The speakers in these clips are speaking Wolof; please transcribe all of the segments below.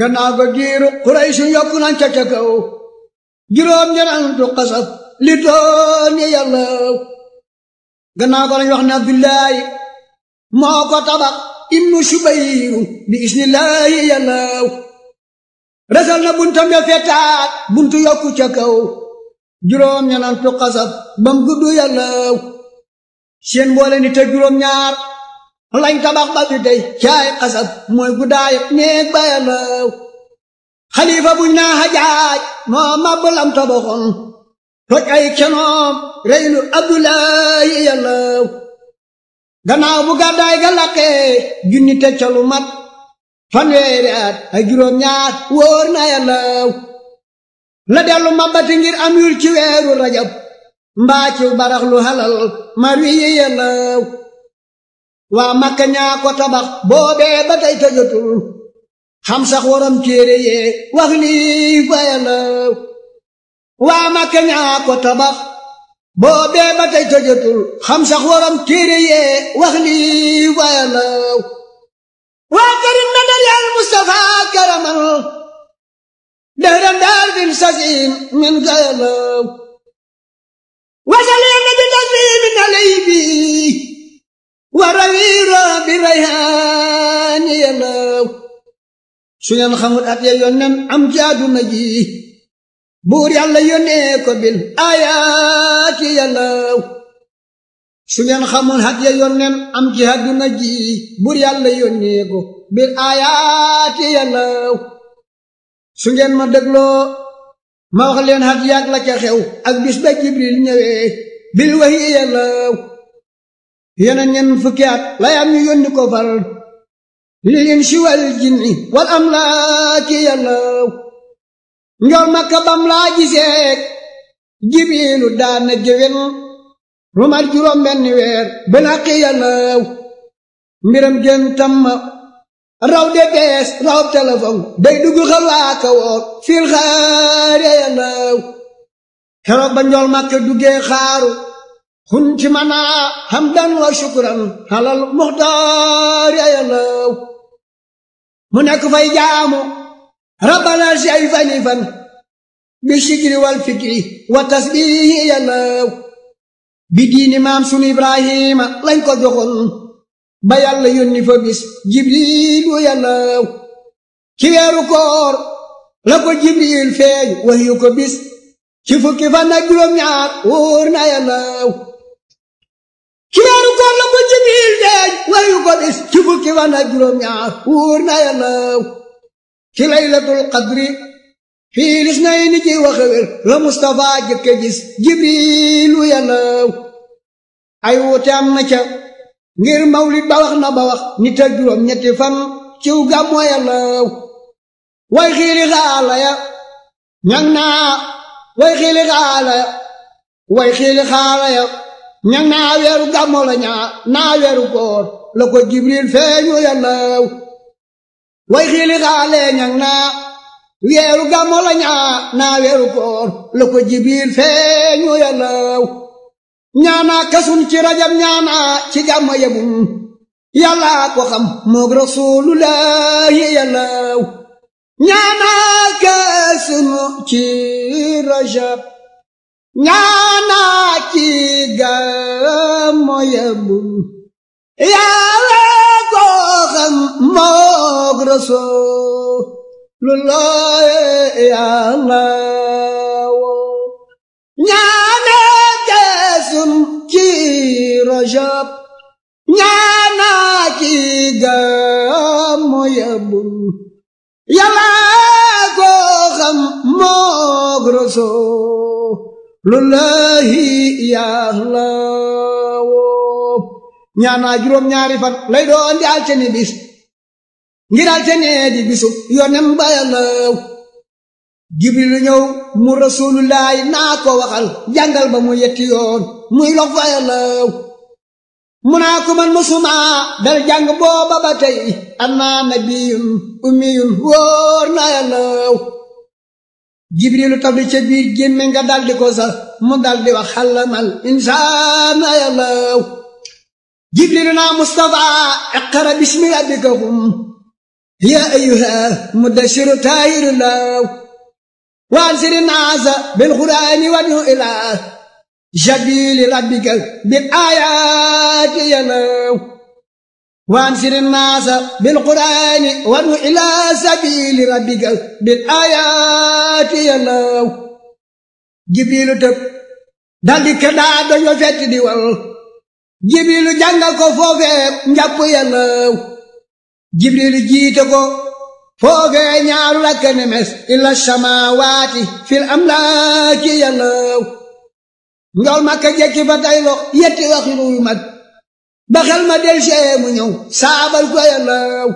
gannaaw ko giiru Quraysh yokku nañ ca ca kaw juróom ñenantu xasab li doon yi yàllaw gannaaw ko lañ wax ne Abdullaahi moo ko tabax ibnu Subayru bi isnillaahi yàllaw resal na buntam ya fetaat buntu yokku ca kaw juróom ñenantu xasab bam gudd yàllaw seen boole ni te juróom ñaar lañ tabax ba bi tey caay xasab mooy guddaay néeg bayalaw xalifa buñ naa xajaaj moo màbb lam tabaxoon toj ay kenoom reylu abdulaayi yàllaw gannaaw bu gàddaay ga laqee junni te colu mat fanweeri at ay juróom ñaar wóor na yàllaw la dellu màbbati ngir am yul ci weeru rajab mbaa ci barax halal mar wi yi yàllaw waa makka ñaa ko tabax boobee ba tey tëjatul xam sax waram téere yee wax lii waa makka ñaa ko tabax boobee ba tey tëjatul xam sax waram téere yee wax lii waa karim madal yal karamal dëhran daal bil sasim min ga yàlla wasaliina bi taslimin alayhi warawiira bi rayhaani yanaaw su ngeen xamul at ya am ci àdduna ji buur yàlla yónnee ko bil aayaati yanaaw su ngeen xamul at ya am ci àdduna ji buur yàlla yónnee ko bil aayaati yanaaw su ngeen ma dégloo ma wax leen at yaag la ca xew ak bis ba jibril ñëwee bil wahyi yanaaw yeneen ñen fukki at lay am ko far lil insi wal jinni wal amlaaki yàllaw njool makka bam laa giseek jibiilu daan na géwén lu juróom benn weer banaqi yàllaw mbiram gën tamma raw de bees raw telefon day dugg xalaaka woor fiil xaare yàllaw keroog ba njool makka duggee xaaru كنت nekk حمدا وشكرا على المختار يا الله منك في جامو ربنا شيء فنفا بالشكر والفكر والتسبيح يا الله بدين مام سن إبراهيم لن كجوخن ba yàlla yónni fa bis jibriilu yàllaw ci weeru koor la ko jibriil feeñ waxyu ko bis ci fukki fan ak juróom ñaar wóor na yàllaw ci weeru koor la deej wayu ko bis ci fukki fan ak juróom-ñaar wóor na yàllaw ci laylatul qadri fii nay ni ci waxewel la Mustafa jëkke gis jibriilu yàllaw ay wuute am na ca ngir mawlid ba wax na ba wax nit ak juróom-ñetti fan ciw gàmmo yàllaw way xiili xaala ya ñang naa way xiili xaala ya way xiili xaala ya ña naaweeru gàmmo la ñaa naaweeru koor la ko jibril feeñu yàllaaw way xiili xaale ñag naa weeru gàmmo la ñaa naaweeru koor la ko jibril feeñu yàllaaw ñaanaa kasum ci rajab ñaanaa ci gàmmo yebum yàllaa ko xam moog rasuulullaahi yàllaaw ñaanaa kasum ci rajab ñaanaa ci gàmmu yebbu yàlla ko xam moog rasul lu looye yàlla woo ñaanaa jeesum ci rajab ñaanaa ci gàmmu yebbu yàlla ko xam moog rasul lullahi yahlaawoo ñaan naa juróom ñaari fan lay doon di altine bis ngir altine di bisu yonem ba yallaaw jibrilu ñëw mu rasuulullaahi naa ko waxal jàngal ba mu yetti yoon muy lox fa yallaaw mu naa ko man musuma dal jàng booba ba tey am naa nabiyun ummiyun wóor na yallaaw jibrilu tabli ca biir gémme nga daldi ko sax mu daldi wax xalamal insaana yalaw jibrilu naa mustafa iqra bismi rabbika hum ya ayyuha mudashiru taayiru law wa ansiri naasa bil qur'aani wadnu ilaa sabili rabbika bil aayaati yalaw وانشر الناس بالقرآن وادعو إلى سبيل ربك بالآيات يا الله jibiilu tëb daldi këddaa dañoo fett di wal jibiilu jàngal ko foofee njàpp yàllaw jibriilu jiite ko foofee ñaaru rakka nemes illa samawaati fil amlaaki yàllaw njool makka jekki fa taylo yetti waxi ruyu mag ba xel ma del mu ñëw saabal ko yàllaaw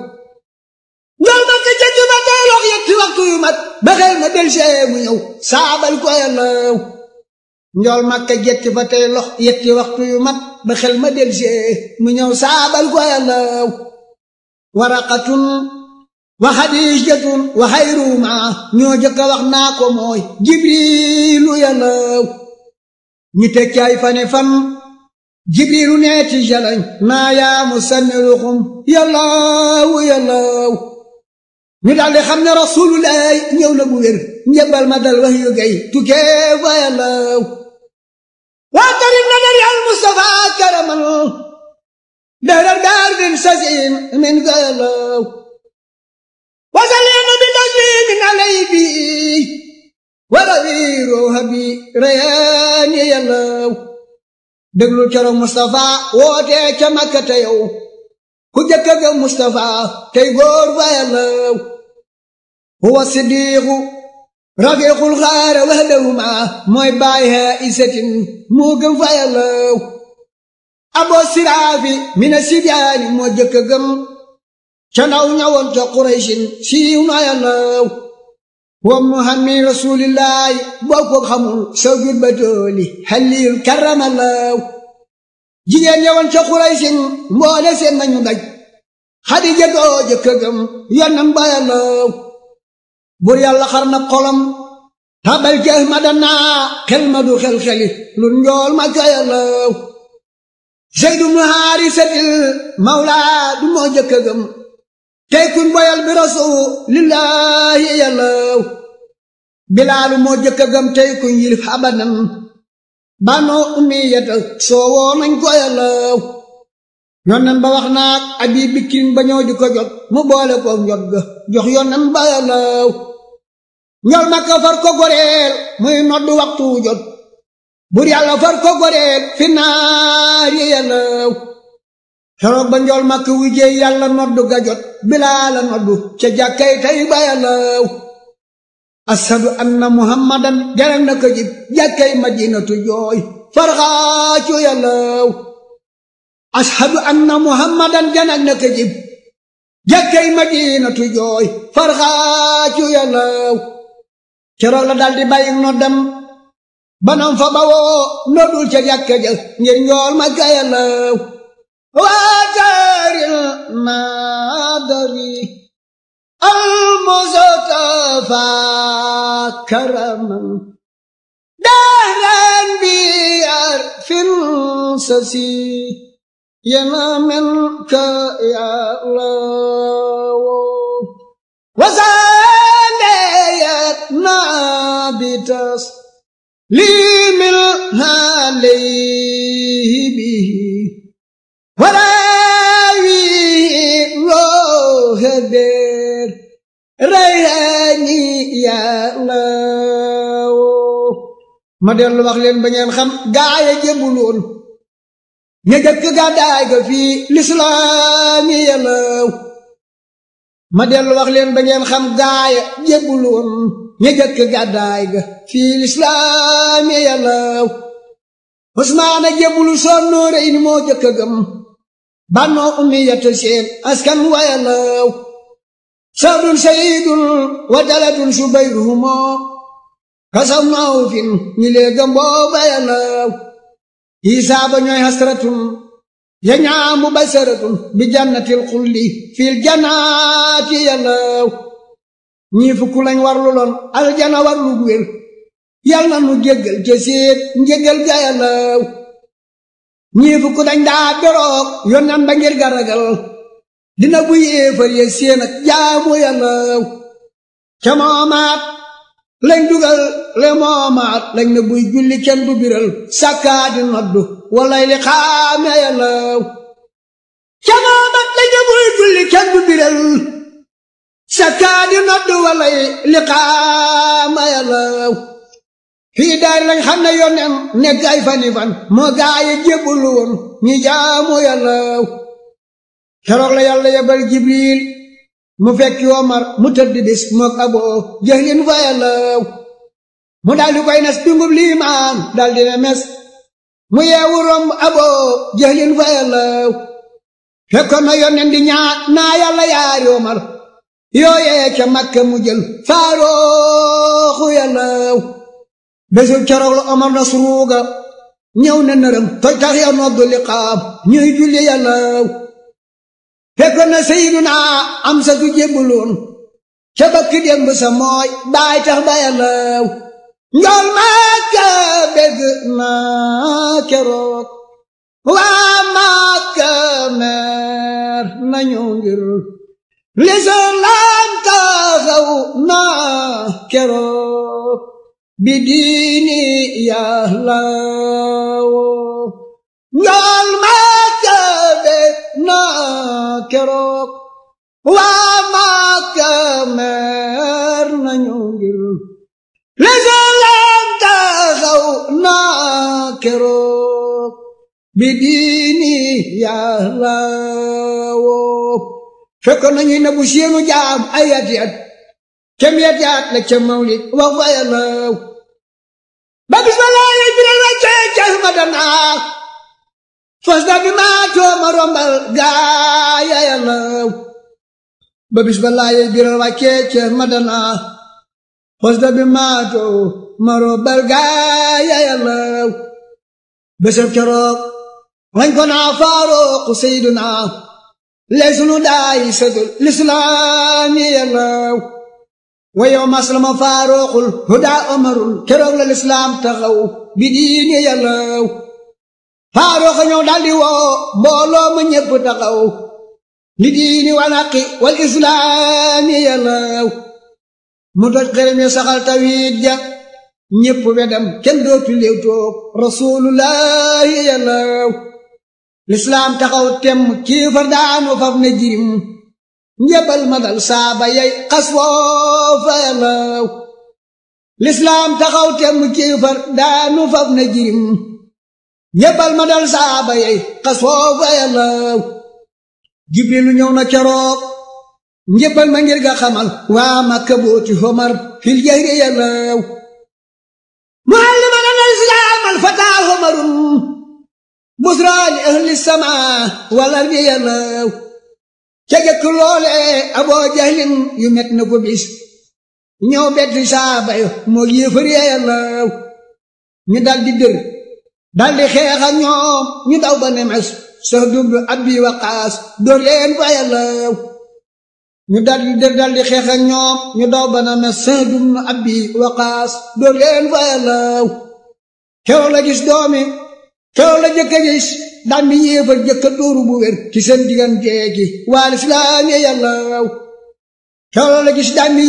ñëw ma ko ca juba koy wax yetti waxtu yu mat ba xel ma del see mu ñëw saabal ko yàllaaw njool makka jetti fa tey lox yetti waxtu yu mat ba xel ma del mu ñëw saabal ko yàllaaw waraqatun wa xadiijatun wa xayruma ñoo jëkk wax naa ko mooy jibriilu yàllaaw ñi teg caay fane fan jibriilu nee ci jalañ naa yaa mu sanni ruxum yallaaw yallaaw ñu daldi xam ne rasuulullaay ñëw na bu wér njëbbal ma dal yu gay tukkee fa yallaaw waa tarit na dari al mustafaa karaman dërar gaar din sasim min fa yallaaw wasaleenu bi tasliimin alay bi warawi ruuxa bi rayaani yallaaw déglul coro Moustapha wootee ca Makka yow ku jëkk ga Moustapha góor ba yàlla huwa siddiqu rafiqul xaara wahdahuma mooy baay ha isatin moo gëm fa yàlla abo siraafi mina sidaani moo jëkk ca ndaw ñawoon ca Quraysin siiw na yàlla wa muhammi rasuulillaahi boo ko xamul soo jur ba tooli xalliil karamallaaw jigéen ñëwoon ca xuraysin mboole seen nañu daj xadija doo jëkk gëm yonnam bayallaaw bur yàlla xar na xolam tabal ci ahmada naa xel ma du xel-xeli lu njool ma kayallaaw zeydu mu haarisatil mawlaa du moo jëkk gëm tey kuñ boyal bi rasuulillaahi yàllaw bilaalu moo jëkk a gëm tey kuñ yilif abadan bànnoo soo woo nañ ko ba wax naag bikkin ba ñëw ko jot mu boole ko njot ga jox yonnan ba yàllaw njol makka far ko goreel muy noddu waxtu jot bur far ko goreel fi naar yi xeroog ba njool màkk wu jéey yàlla noddu ga jot noddu ca jàkkay tey bayalaw asadu anna muhammadan jaral na ko jib jàkkay madinatu jooy farxaacu yalaw ashadu anna muhammadan jaral na ko jib jàkkay madinatu jooy farxaacu yalaw xeroog la daldi bàyyi noddam banam fa bawoo noddul ca jàkka ngir njool màkk yalaw وجار المادري المصطفى كرما دهرا بيعرف سسي ينا منك يا الله وزاديتنا بتسليم الهالين هلاوي روح بير رياني يا الله ما dellu wax leen ba ngeen xam gaaya jébul woon ña jëkk gàddaay ga fii lislaam yelaw ma dellu wax leen ba ngeen xam gaaya jébul woon ña jëkk gàddaay ga fii lislaam yelaw Usmaan a jébulu soon noore in moo jëkk gëm bannoo ummiyata seen askan wayalaw saadun sayidun wa jaladun subayruhumo kasaw naaw fin ñi léegam boo bayalaw isaaba ñooy hasratun ya ñaamu basaratun bi jannatil xulli fil janaati yalaw ñii fukku lañ warlu loon aljana warlu wér yal na nu jéggal te séet ga yalaw ñii fukk dañ daa beroog yonnan ba ngir garagal dina buy éefar ya seen ak jaamu yàlla ca moomaat lañ dugal le moomaat lañ na buy julli kenn du biral sàkkaati noddu walay li xaame yàlla ca moomaat lañ na buy julli kenn du biral sàkkaati noddu walay li xaame yàlla fii daari lañ xam ne yonen nekk ay fani fan moo gaaye jébbalu woon ñi jaamu yàlla keroog la yàlla yebal jibril mu fekki omar mu tëdd bis mook aboo jëhlin fa yàlla mu daldi koy nes dungub liimaan daldi ne mes mu yeewu romb aboo jëhlin fa yàlla fekkoon na yonen di ñaa naa yàlla yaari omar yooyee ca makka mu jël faarooxu yàlla bésu keroog la omar na suruuga ñëw ne nërëm toj tax ya noddu liqaam ñuy julli yàllaaw fekk na sayiduna am sa tu jébbaloon ca bakki démb sa mooy baay tax ba yàllaaw njool maaka bégg naa keroog waa maaka meer nañu ngir lislaam taxaw naa keroog بديني يا الله lool maa kabe naa waa maa kamer nañu ngir lislaam taxaw naa keroog bi diini yàlla woo fekk nañu ne bu seenu jaam ayati at cam yat yaat la ca mawlid wa wayalaw ba bis ba loola bi ral wàccee ca madanaa fas da bi maa tooma rombal gaaya yalaw ba bis ba laaye bi ral wàccee ca madanaa fas da bi maa tooma rombal gaaya yalaw bésab keroog lañ ko naa faaruqu sayduna lay sunu daay sadul lislaam yalaw wa yow maslama faarooxul hudaa omarul keroog la lislaam taxaw bi diine yàllaw faarooxa ñëw daldi woo mbooloo ma ñépp taxaw li diini wal haqi wal islaami yàllaw mu doj xerem ya saxal tawit ja ñépp wedam kenn dootu léew toog rasuulullaahi yàllaw lislaam taxaw temm kiifar daanu faf na jirim njëbal ma saaba yay xas woo fayalaw lislaam taxaw temm kiifar daanu fab na jirim njëbal ma saaba yay xas woo fayalaw jibrilu ñëw na keroog njëbal ma ngir waa makka booti homar fil jahri yalaw mualliman al islaam al fataa homarun busraani ahli samaa wal ardi ca jëkk loole aboo jahlin yu met na ko bis ñëw betti saaba yo moo yéefar yàllaaw ñu dal di dër dal di xeex ak ñoom ñu daw ba nemes sax dublu abbi waqaas dóor leen fa yàllaaw ñu dal di dër dal di xeex ak ñoom ñu daw ba nemes sax dublu abbi waqaas dóor leen fa yàllaaw kew la gis doomi kew la jëkk gis dam bi yéefar jëkka dóoru bu wér ci seen tuuru bu wér ci seen waa lislaam ya yàllaaw tollu gis dam bi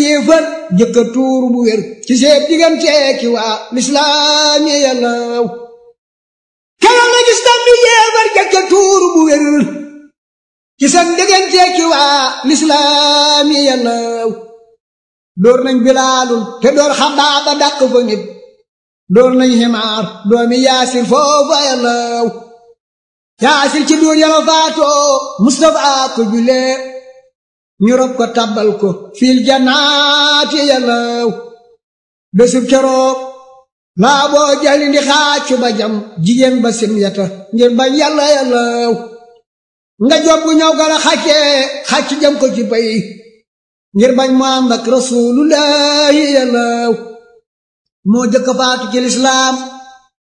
tuuru bu wér ci seen waa lislaam ya yàllaaw dóor nañ bilaalul te dóor xabaaba dàq fa nit dóor nañ doomi yaasir foofu yàllaaw yaa ci duur ya ma faatoo Mustafa ko julee ñu rob ko tabbal ko fil janaati yalaaw bésub keroog laa boo jali ndi ba jam jigéen ba sim yata ngir bañ yàlla yalaaw nga job bu ñëw gala xàccee xàcc jam ko ci bay ngir bañ mu ànd ak rasuulullaahi yalaaw moo jëkk faatu ci lislaam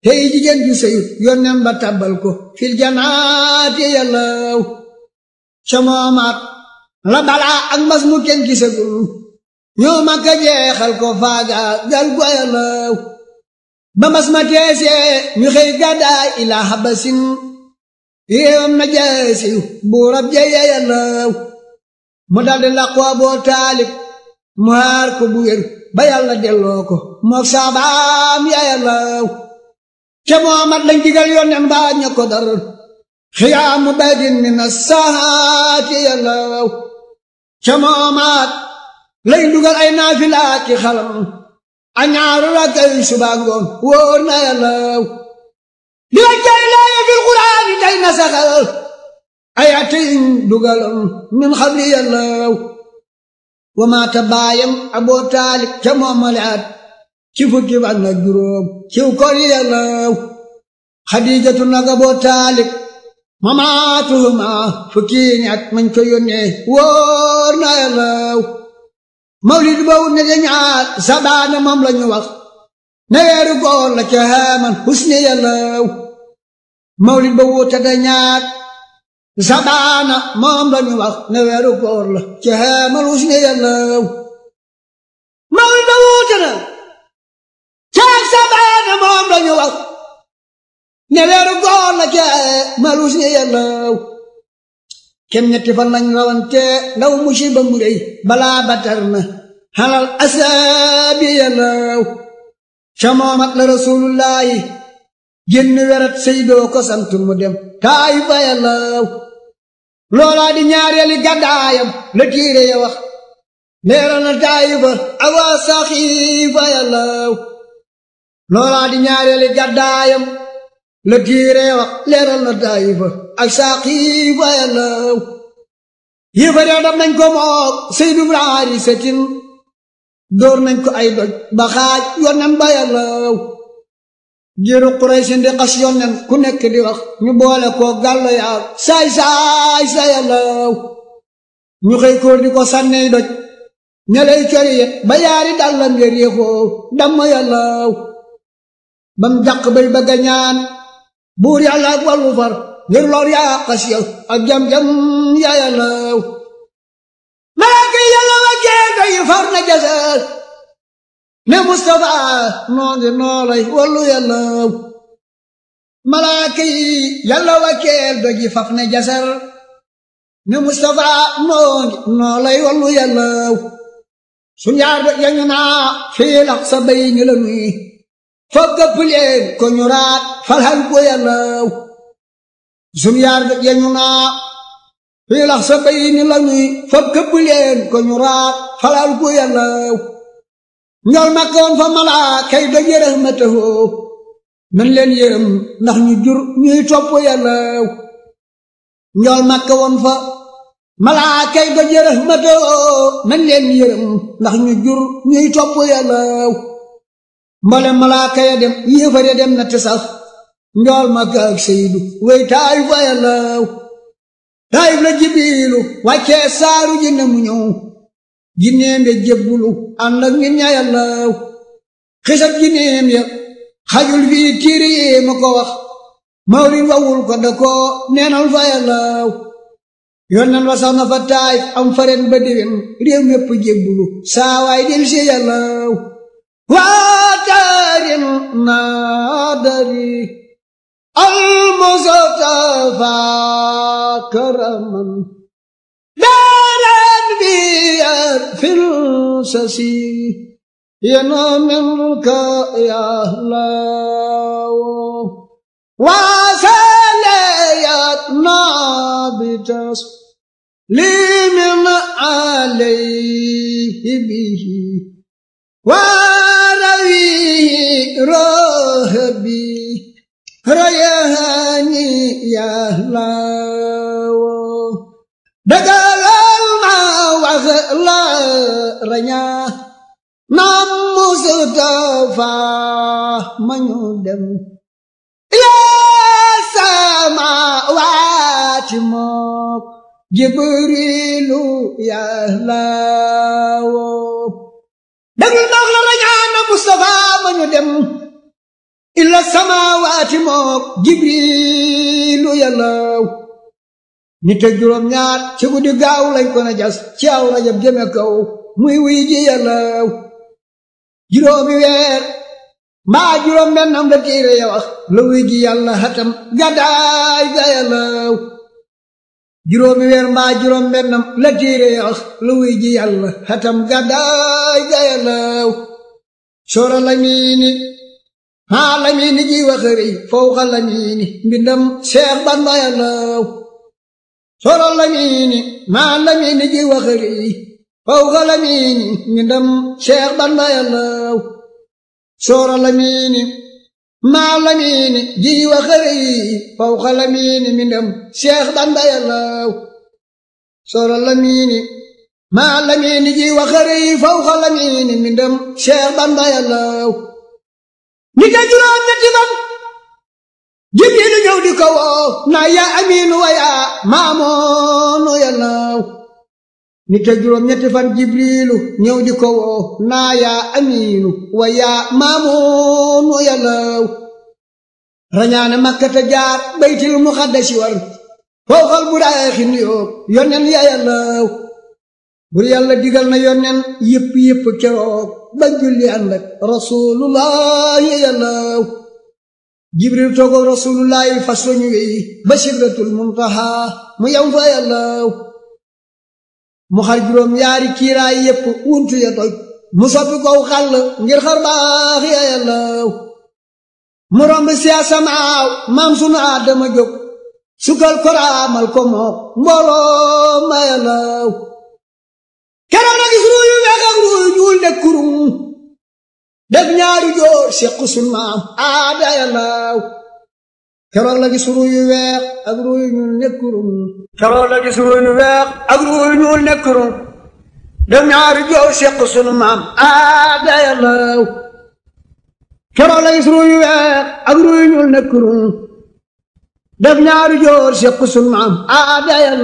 hey jigéen ju seyut yónneen ba tàbbal ko fil janaat ya yàllaw ca moomaat la balaa ak mbas mu kenn gisagul ñoo makka jeexal ko faaga gal gu yàllaw ba mbas ma teesee ñu xëy gàddaay ilaa habasin yéewam na jaasi buurab ja ya yàllaw mu daldi làqu aboo taalib mu haar ko bu ba yàlla delloo ko mook saabaam ya yàllaw te moomat lañ digal yónneen baa ña ko dar xiyaamu badin min assahaati yalaw te moomat lañ dugal ay naafilaaki xalam a ñaaru rakkay suba ngoon wóor na yalaw li la jay laaye fil quraani day na saxal ay atiñ dugalam min xabli yalaw wa maata baayam aboo taalib te moomale at ci fukki fan ak juróom ciw kor yàllaw xadijatu naga boo taalib mamaatuhuma fukki ñat mañ ko yónnee wóor na yàllaw mawlid boobu ne ñaar sabaana moom lañu wax ne weeru góor la ca mawlid ba wuute ñaar sabaana moom lañu wax ne weeru góor la ca mawlid ba wuute sabaana moom lañu wax ne weeru góor la ca malus ni yàllaw kem ñetti fan lañ rawante ndaw musiba mu rëy balaa batar na xalal asaabi yàllaw ca moomat la rasulullaahi génn weret seydoo ko sant mu dem taayu fa yàllaw loolaa di ñaareeli gàddaayam la tiire ya wax leeral na taayu fa awaa saxiifa yàllaw loolaa di ñaareeli gàddaayam la diiree wax leeral na daayifa ak saaqiifa yàllaw yéefare daf nañ ko moog seydu braari setin dóor nañ ko ay doj ba xaaj yonen ba yàllaw jiiru quraysin di xas yonen ku nekk di wax ñu boole koo gàllo yaa saay saay sa yàllaw ñu xëy kóor di ko sànney doj ña lay cori ye ba yaari dàllam ya réexoo damm yàllaw bam jàq bay bëgga ñaan buur yàlla ak far ngir lor yaa xas yow jam-jam yaaya naaw malaaka yàlla wa keeka yi na jasal ne Mustafa noo noolay wàllu yàllaaw malaaka yi yàlla wa keel faf na jasal ne Mustafa noo noolay wàllu yàllaaw su ñaar doj yañu naa fii lax bay ni la nuy fagga pileen ko ñuraat falhan goyalaw sun yaar ga jeñunaa fiilax sa bayini lañuy fagga pileen ko ñuraat falhan goyalaw ñol makkoon fa malaa kay daje rahmatahoo nan leen yërëm ndax ñu jur ñuy topp yalaw ñol makkoon fa malaa kay daje rahmatahoo nan leen yërëm ndax ñu jur ñuy topp yalaw mbole malaaka ya dem yéefar ya dem na te saf njool makka ak seydu wey taayif a yallaaw taayif la jibiilu wàccee saaru jinne mu ñëw jinneem ya jébbulu ànd ak nit ña yallaaw xisab jinneem ya xajul fii tiiri yéema ko wax mawrin wawul ko da ko neenal fa yallaaw yoon nan wasax na fa taayif am faren ba déwén réew mépp jébbulu saawaay del si yallaaw واتار نادري المصطفى كرما دارا بيا في السسي ينامك يا لاو وسليتنا بتس لمن عليه به راهبي رياني يا لاو دقال الماء وغلا رنيا نام مصطفى من يدم يا سماوات موك جبريل يا لاو ñu dem illa samaawaati mook jibriilu yàllaaw nit ak juróom ñaar ci guddi gaaw lañ ko na jas ci aw rajab jëme kaw muy wuy ji yàllaaw juróomi weer mbaa juróom bennam la téere ya wax la wuy ji yàlla xatam gàddaay ga yàllaaw juróomi weer mbaa juróom bennam la téere ya wax la wuy ji yàlla xatam gàddaay ga yàllaaw sóora lamiini haa lamiini jiiwa xëri fawxa lamiini mbindam seex bamba yallaaw sóora lamiini maa lamiini jiiwa xëri fawxa lamiini mbindam seex bamba yallaaw sóora lamiini maa lamiini jiiwa xëri fawxa lamiini mbindam seex bamba yallaaw sóora lamiini maa lamiini ji wa xëri fawxa lamiini mbindam Cheikh Bamba yàllaaw ni ka juróom ñetti fan jibriilu ñëw di ko woo naa yaa amiinu wa yaa maamoonu yàllaaw ni ka makkata jaar baytil muxaddasi war fawxal buraaxi nuyoo yonen yaa yàllaaw bur yàlla digal na yónneen yëpp yëpp keroog ba julli ànd ak rasulullahi yàllaw jibril toogoog rasulullahi fas wa ñu wey ba sidratul muntaha mu yam fa yàllaw mu xar juróom yaari kiiraay yëpp wuntu ya mu soppi kow xàll ngir xar baax ya yàllaw mu romb siyaasamaaw maam sunu aadama jóg sukkal koraamal ko mook mbooloo ma yàllaw keroog nag gis ruuyu ñaari joor seq la gis ruuyu weex ak ruuyu ñuul ne kurum ñaari joor seq sunu maam aadaya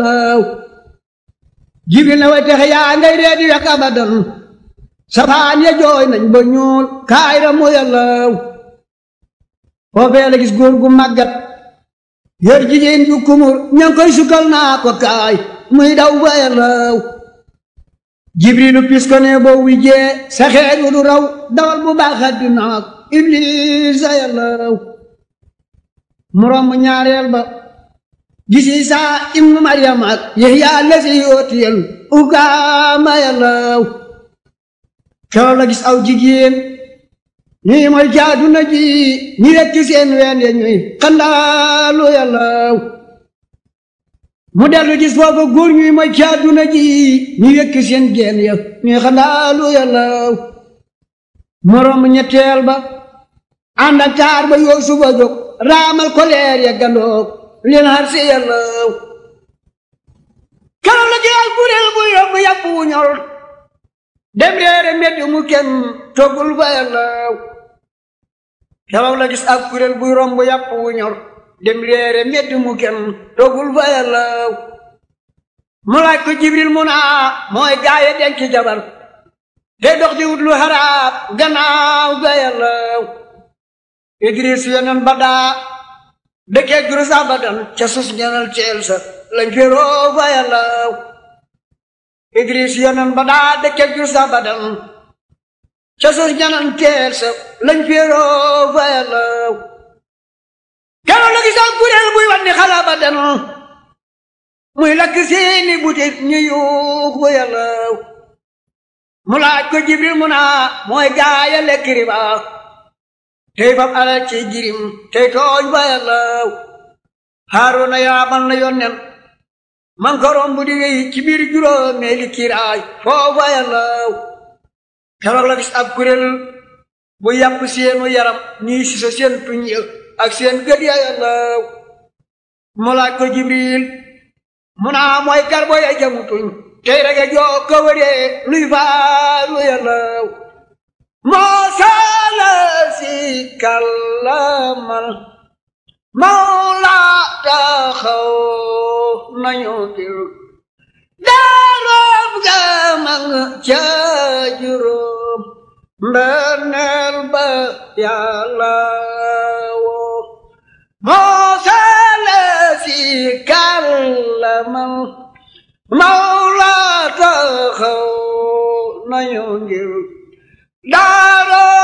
laaw jibril na way texe yaa ngay ree di abadan safaan ya jooy nañ kaay ra mu yàllaw foofee gis góor gu màggat yor jigéen ju kumur koy sukkal naa ko kaay muy daw ba yàllaw jibrilu pis ko boo wijjee sa xeet du raw dawal bu baax àddina ak iblis mu romb ñaareel ba gis Isaa ibnu Maryam ak Yahya allazi utiyal ukaama yàllaaw keroog la gis aw jigéen ñii mooy ci àdduna ji ñi rekk seen ween ya ñuy xandaalu yàllaaw mu dellu gis foofa góor ñuy mooy ci àdduna ji ñi rekk seen geen ya ñuy xandaalu yàllaaw moroom ñetteel ba ànd taar ba Yuusufa jóg raamal koleer gandoog linhaar si yàllaw karaw la jël kuréel bu yomb yàpp wu ñor dem reere metti mu kenn toggul fa yàllaw karaw la gis ab kuréel bu romb yàpp wu ñor dem reere metti mu kenn toggul fa yàllaw mu laaj jibril mu naa mooy gaaye denc jabar te dox di wut lu xaraab gannaaw ga yàllaw idris dëkkee juru sàmbadan ca sus ñenal ceel sa lañ féeroo fa yàlla idris yonen ba daa dëkkee juru sàmbadan ca sus ñenal ceel sa lañ féeroo fa yàlla keroog la gisoon kuréel buy wan ni xala ba muy lakk seeni butit ñu yuux fa yàlla mu laaj ko jibril mu naa mooy gaaya lekk riba tey fab alal ci jirim tey tooñ ba yàllaaw haaruna yaamal na yonnen man ko romb di wéy ci biir juróomeeli kiiraay foo ba yàllaaw keroog la gis ab kuréel bu yàpp seenu yaram nii si sa seen tuñ ak seen gët ya mu laaj ko jibril mu naa ah, mooy garbo ya jamu tuñ tey rek a joo ko wëree luy faalu moo saala الذي كلم المولى taxaw nañu til daarob ga ma nga ca juróom mbeneel ba yàlla woo moo sale si kàllamal mawla taxaw nañu ngir daarob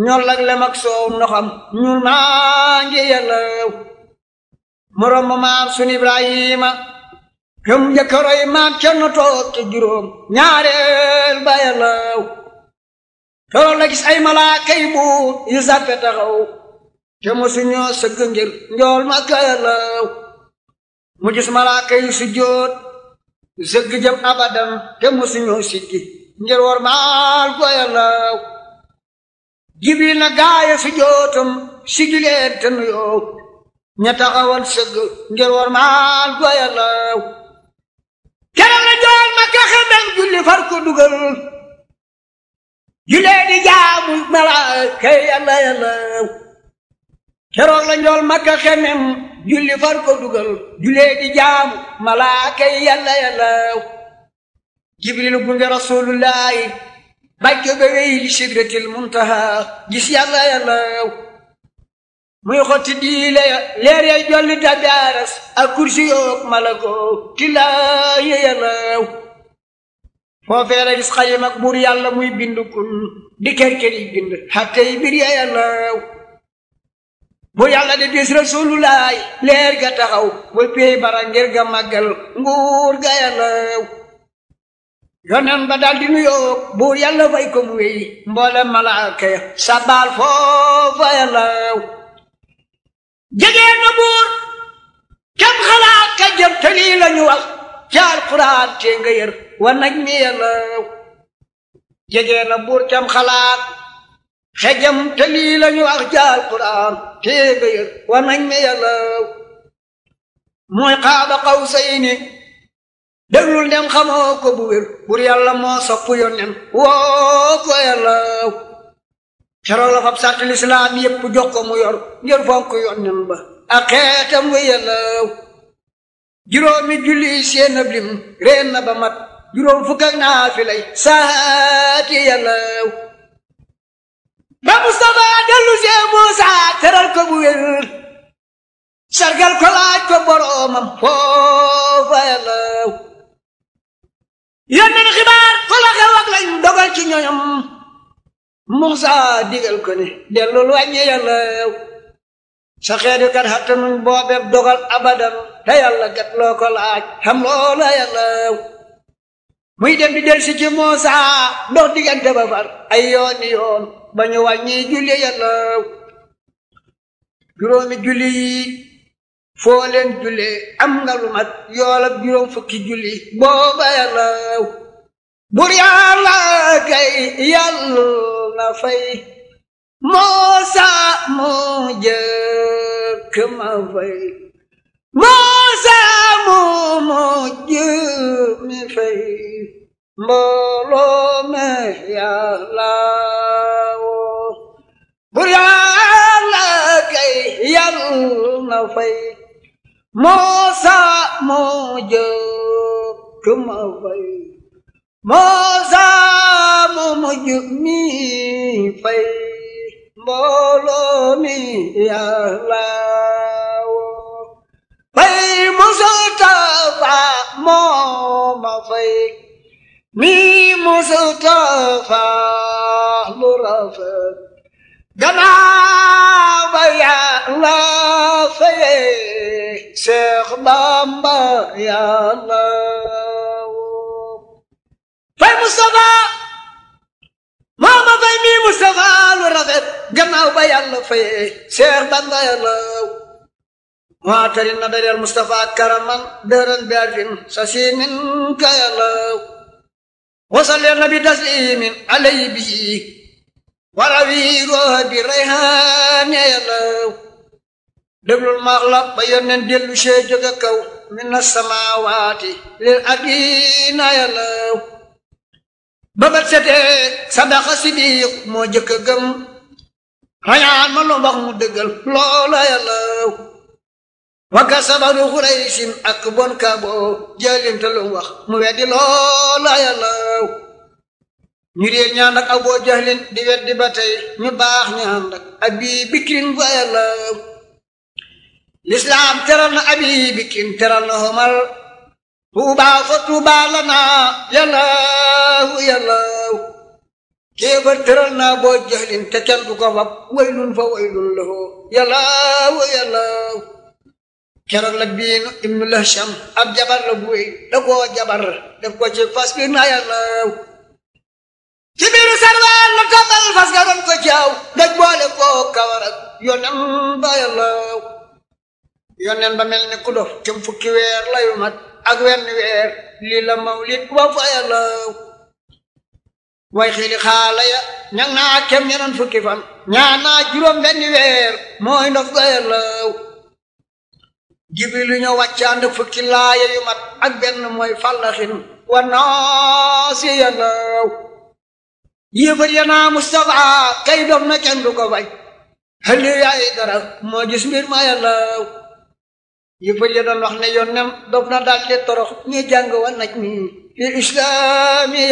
ñol ak lem ak soow ndoxam ñul maa ngi yellew moroom ma maam sun ibrahima hëm jëkkëroy maam cerno toog juróom ñaareel ba yellew torool la gis ay malaaka buur yi sàppe taxaw te mosuñoo sëgg ngir njool ma ka yellew mu gis malaaka yi sëgg jëm abadan te mosuñoo siggi ngir war maal ko yellew jibril na gaaya fi jootam sigileeg te nuyoo ña taxawal sëgg ngir war maal goyalaw keroog na jool ma kaxe dang julli far ko dugal jaamu malaaka yàlla yàllaw keroog la njool makka xemem julli far ko dugal jaamu malaaka yàlla yàllaw jibril gunge rasulullahi bàjjo ba wéy li sidratil muntaha gis yàlla yàlla muy xotti diile leer ya jolli tàbbi aras ak kursi yoog malako tilaa ya yàlla foofee la gis xayim ak buur yàlla muy bind di kerker yi bind yi bir ya yàlla buur yàlla de bis leer ga taxaw ba pey bara ngir ga màggal nguur ga yàlla yonen ba daal di nuyoo buur yàlla fay ko bu wéy mboolem malaaka ya sabaal foofa yàlla jegee na buur kenn xalaat ka jëm te lii la ñu wax ca alxuraan te nga wa naj mi yàlla jegee na buur déglul ndem xamoo ko bu wér bur yàlla moo sopp yónneen woo ko yàlla xeroo la fab lislaam yépp jox ko mu yor ngir fonk yónneen ba ak xeetam wa yàlla juróomi julli seen ab reen na ba mat juróom fukk ak naafilay saati yàlla ba Mustafa dellu see Muusa teral ko bu wér sargal ko laaj ko boroomam foofa yàlla yónnee na xibaar fa la xew ak dogal ci ñoñam Muusa digal ko ne dellul wàññi yàlla sa xeetu kat xattanuñ boobeeb dogal abadan te yàlla gat loo ko laaj xam loola yàlla muy dem di delsi ci Muusa ndox diggante ba far ay yooni yoon ba ñu wàññi julli juróomi julli foo leen am nga lu mat yool ak juróom fukki julli booba yàllaw bur yàlla kay yàlla na fay moosa moo jëkk ma fay moosa mi fay mbooloo me yàllaw bur yàlla kay yàlla na fay Musa moo jëkk ma fay Musa moo mujj mi fay mbooloo mi Yàlla woo fay Mustafa moo ma fay mi Mustafa lu rafet gannaaw ba Yàlla fay Seex Bamba yàlla fay Mustafa maama fay mi Mustafa lu rafet gannaaw ba yàlla fayee Seex Bamba yàlla waa tari na dareel Mustafa karaman dëran biarfin sa siimin ka yàlla wasaleel na bi taslimin alay bi warawi roha bi rayhaan yàlla déglul maax la ba yónneen dellu see jóge kaw min as-samaawaati lil adina yalaw ba bët setee sadaqa sidiq moo jëkk a gëm rañaan ma lu wax mu dëggal loola yalaw wakka sabaru xuraysin ak bon kaboo jëlimta wax mu weddi loola yalaw ñu réer ñaan ak aboo jahlin di weddi ba tey ñu baax ñaan ak abi bikrin ba yalaw lislaam teral na abi bikin teral na homar tuubaa fa tuubaa la naa yallaahu yallaahu teral naa boo jahlin te kenn du ko fab waylun fa waylun lahu yallaahu yallaahu keroog la biin ibnu lahsham ab jabar la buy da koo jabar def ko ci fas biir la tàmbal fas ga doon ko jaaw daj boole koo kawar ak yoonam ba yallaahu yónneen ba mel ni ku dof te fukki weer layu mat ak wenn weer lii la mawlid wa fayalaw way xili xaala ya ñag naa kem ñeneen fukki fan ñaa naa juróom benn weer mooy ndof gayalaw jibrilu ñoo wàccaand fukki laaya yu mat ak benn mooy fallaxin wa naasi yalaw yéefar ya naa Mustafa kay dof na kenn ko bay xëlli yaay dara moo gis mbir ma yalaw yëfa ya doon wax ne yoon dof na daal te torox ñi jàng wa naj mi fi islaami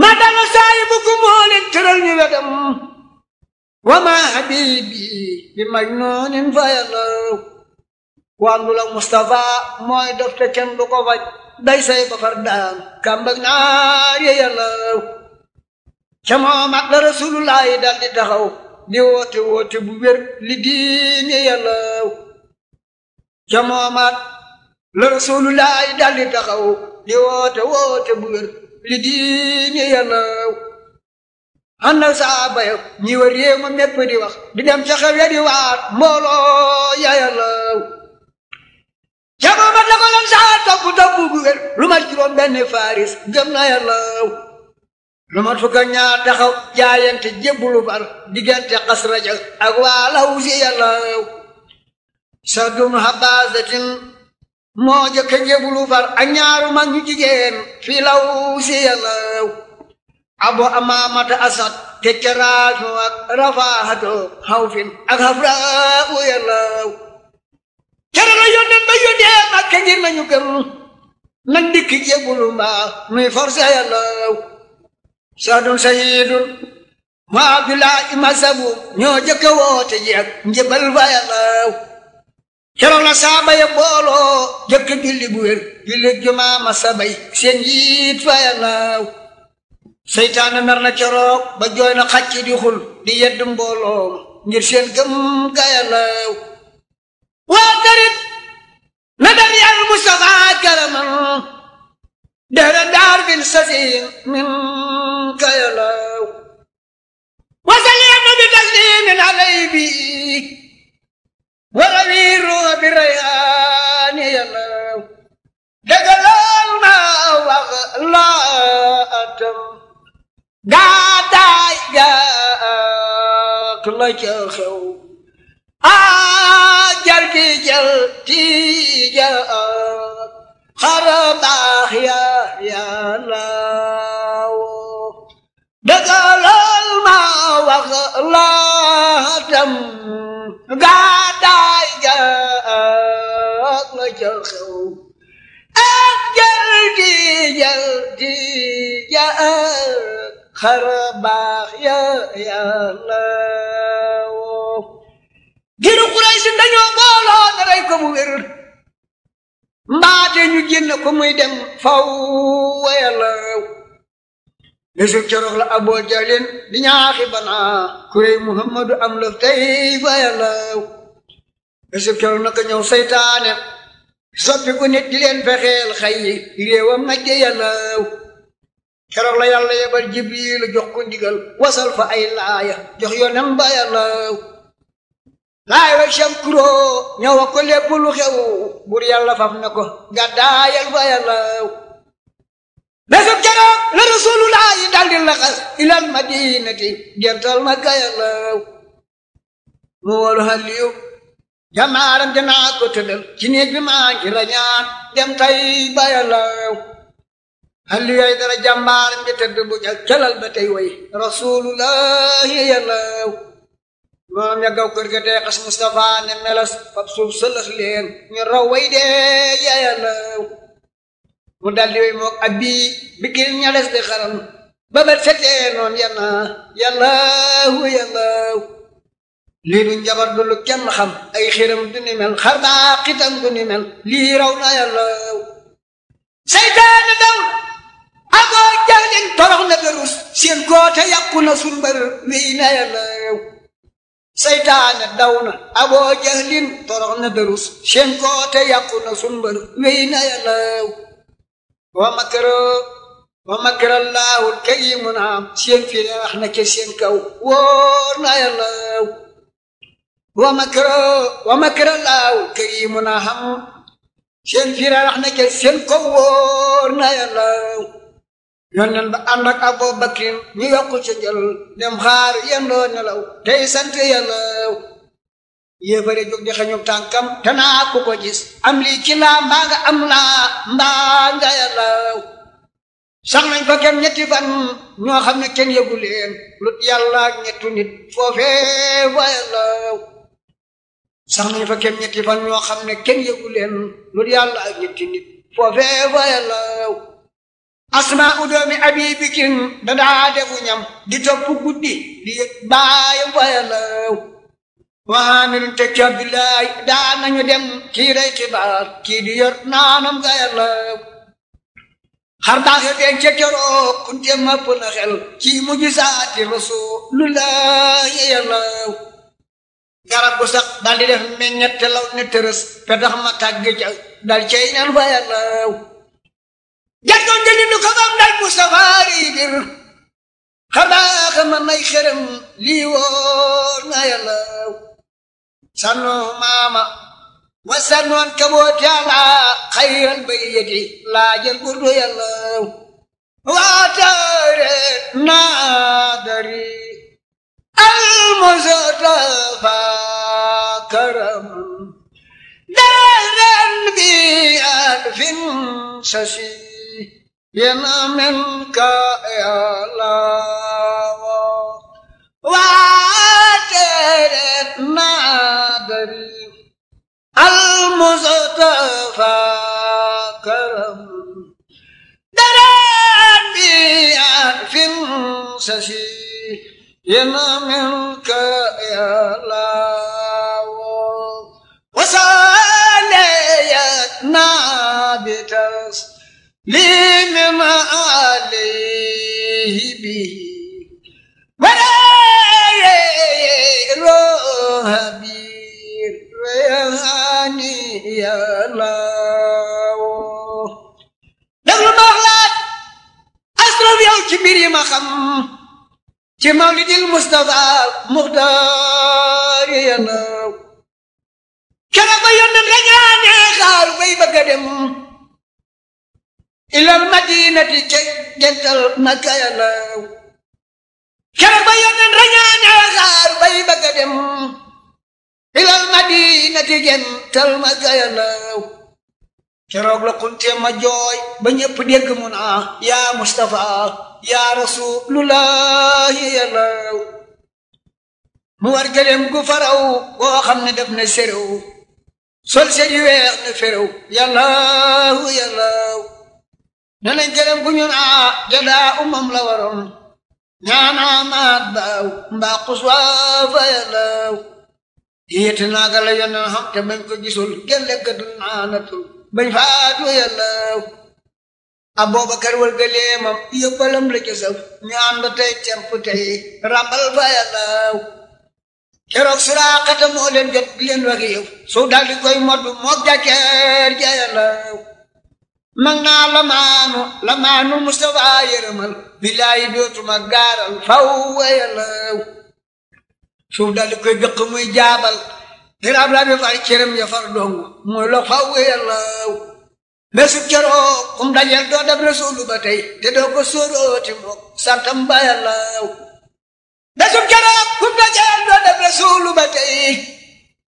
ma dala saayi bu ku moo leen tëral ñu wa ma habibi bi majnuunin fa yalaw wàllu la Moustapha mooy dof te kenn du ko faj day say ba naar ya ca moom ak la rasulullaahi dal di taxaw di woote woote bu wér li diine yalaw ca moomaat la rasulullahi daldi taxaw di woote woote bu wér li diine yanaaw ànd ak saaba ya ñi wër réew ma mépp di wax di dem ca xew ya di waat mbooloo ya yanaaw ca la ko lan saa topp bu wér lu mat juróom benn faris gëm na yanaaw lu mat fukk ak ñaar taxaw jaayante jébbulu far diggante xasraja ak waa law si yanaaw sadun habazatun moo jëkk a far ak ñaaru mag ñu jigéen fii law si yalaw abo amaamata asat te caraatu ak rafaahatu xawfin ak xafraau yalaw cara la yónneen ba yónnee ak ka ngir nañu gëm nan dikk mbaa nuy forcé yalaw sadun sayidun maa bi laa ima sabu ñoo jëkk a woote jeeg njëbal fa yalaw keroog la saaba ya booloo jëkk julli bu wér julli jumaa ma sabay seen yiit fa yàllaaw seytaane mer na keroog ba jooy na di xul di yedd mbooloom ngir seen gëm ga yàllaaw waa darit na dar yàlla Mustafa karaman dara daar bil sasin min ga yàllaaw wasalee bi taslimin alay bi وغوي روح بريان يلو دقلال ما وغلا أتم قادا جاك لجخو آجر كي جلتي جاك خرباخ يا يا لاو دقلال xalaatam gàddaay ja ak la ca xew ak jël di jël di ja xarbaax ya yàlla woo giru Quraysh si dañoo booloo na rey ko mu wér mbaate ñu génn ko muy dem faw wa yàlla nisul corog la aboo jalin di ñaaxi banaa kuréy muhammadu am lëf tey fa yàllaw nisul corog naka ñëw seytaane soppi ku nit leen fexeel xay yi réewam naj de yàllaw la yàlla yebal jibril jox ko ndigal wasal fa ay laaya jox yonem ba yàllaw laay wa cam kuroo ñëw wa ko lépp lu bur yàlla faf na ko gàddaayal fa yàllaw bésub keroog la rasulullah yi dal di laxas ilal madinati gertal ma gayalaw mu wolu haliyu jamaaram janaa ko tëddal ci néeg bi maa ngi rañaan dem tay bayalaw haliyu ay dara jàmbaaram bi tëdd bu jag calal ba tey way rasulullah yalaw maam ya gaw kër ga tey xas Mustapha ne melas fab suuf sëlëx leen ñu raw way dee yalaw mu daldi wey mook ab bii bi gil ña des di xaram ba bët fetee noon yanna yallaahu yallaahu lii du njabar du lu kenn xam ay xiram du ni mel xar xitam du ni mel lii raw na yallaahu seytaane daw agoo daw na jahlin torox na darus seen koote yàqu na sun mbër wéy na yallaahu wa makaro wa makarallaahu alkayimu naam seen firaax na ca seen kaw wóor na yàlla wa makaro wa makarallaahu alkayimu naam seen firaax na ca seen kaw wóor na yàlla yónneen ba ànd ak Abubakar ñu yokku ca jël dem xaar yendoo nelaw tey sant yàlla yéefare jóg di xañub tànkam te ku ko gis am lii ci laa am laa mbaa nga yàllaw sax nañ fa xam ne kenn yëgu leen lut yàlla ak ñettu nit fa kem ñetti fan ñoo xam ne kenn yëgu leen lut yàlla ak ñetti nit foofee wa yàllaw asmaa u doomi dadaa defu ñam di topp guddi di yëg baayam wa yàllaw waamilu te cobbi laay daan nañu dem kii day xibaar kii di yor naanam ga yàlla xar baax yo teen ca keroo kunte mapp na xel ci mujisaati rasulullahi yàlla garab gu sax dal di def meññet te law ne tërës petax ma tàgg ca dal cay nan fa yàlla jàngoon jëndi nu ko bam dal bu safaari bir xar baax man nay xerem lii woon na سنو ماما وسنو انكبوت يلا خير البيت لا جلبر يلا واتارت نادري المصطفى كرم دارا بألف سسي ينا منك يا الله المصطفى كرم درامي في سشي ينامك يا الله وصالي بتسليم Mustafa Muxtaar ya naaw kere ba yónneen rañaane xaal bay bëgg a dem ilal madinati ca jental Makka ya naaw kere ba yónneen rañaane xaal bay bëgg a dem ilal madinati jental Makka ya naaw keroog la kuntee ma jooy ba ñépp dégg mu ya ah, yaa Mustafa yaa rasulullahi yàllaw mu war gëlem gu faraw boo xam ne def na séréw sol séri weex ne féréw yàllaw yàllaw ne nañ gëlem gu ñu naa ah, jadaa umam la waroon ñaanaa maat baaw mbaa xuswaafa yàllaw yéete naaga la yoneen xam te bañ ko gisul gelle ga du naanatul bañ xaatu yàllaaw abubakar wër gëleemam yóbbalam la ca sëf tey camp tey ràmbal fa yàllaaw keroog suraaqata moo leen jot di leen wax yow su dal di koy moddu moog ja yàllaaw mag naa lamaanu lamaanu mustafa yërëmal billaahi dootuma gaaral faw wa yàllaaw suuf dal di koy muy jaabal Firaabla be far cërëm ya far dongu mooy lo faw yàllaaw mesu keroog kum dajel doo dab Rasuulu ba tey te doo ko sóorooti mbokk santam ba yàllaaw mesu keroog kum dajel doo dab Rasuulu ba tey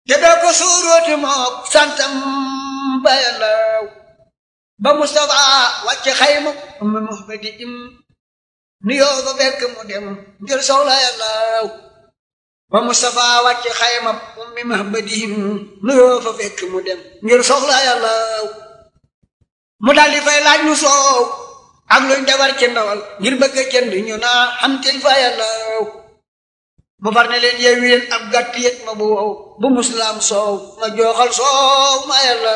te doo ko sóorooti mbokk santam ba yàllaaw ba Mustafa wàcce xayma ummi Muhammadi im nuyoo ba bekk mu dem ngir soxla yàllaaw ba Moustapha wàcc xayma ummi mahbadihim nuyoo fa fekk mu dem ngir soxla yàlla mu daal fay laaj soow ak luñ defar ci ndawal ngir bëgg a jënd ñu naa am til fa yàlla mu far ne leen yeewi leen ab gàtt ma bu wow bu muslaam soow ma jooxal soow ma yàlla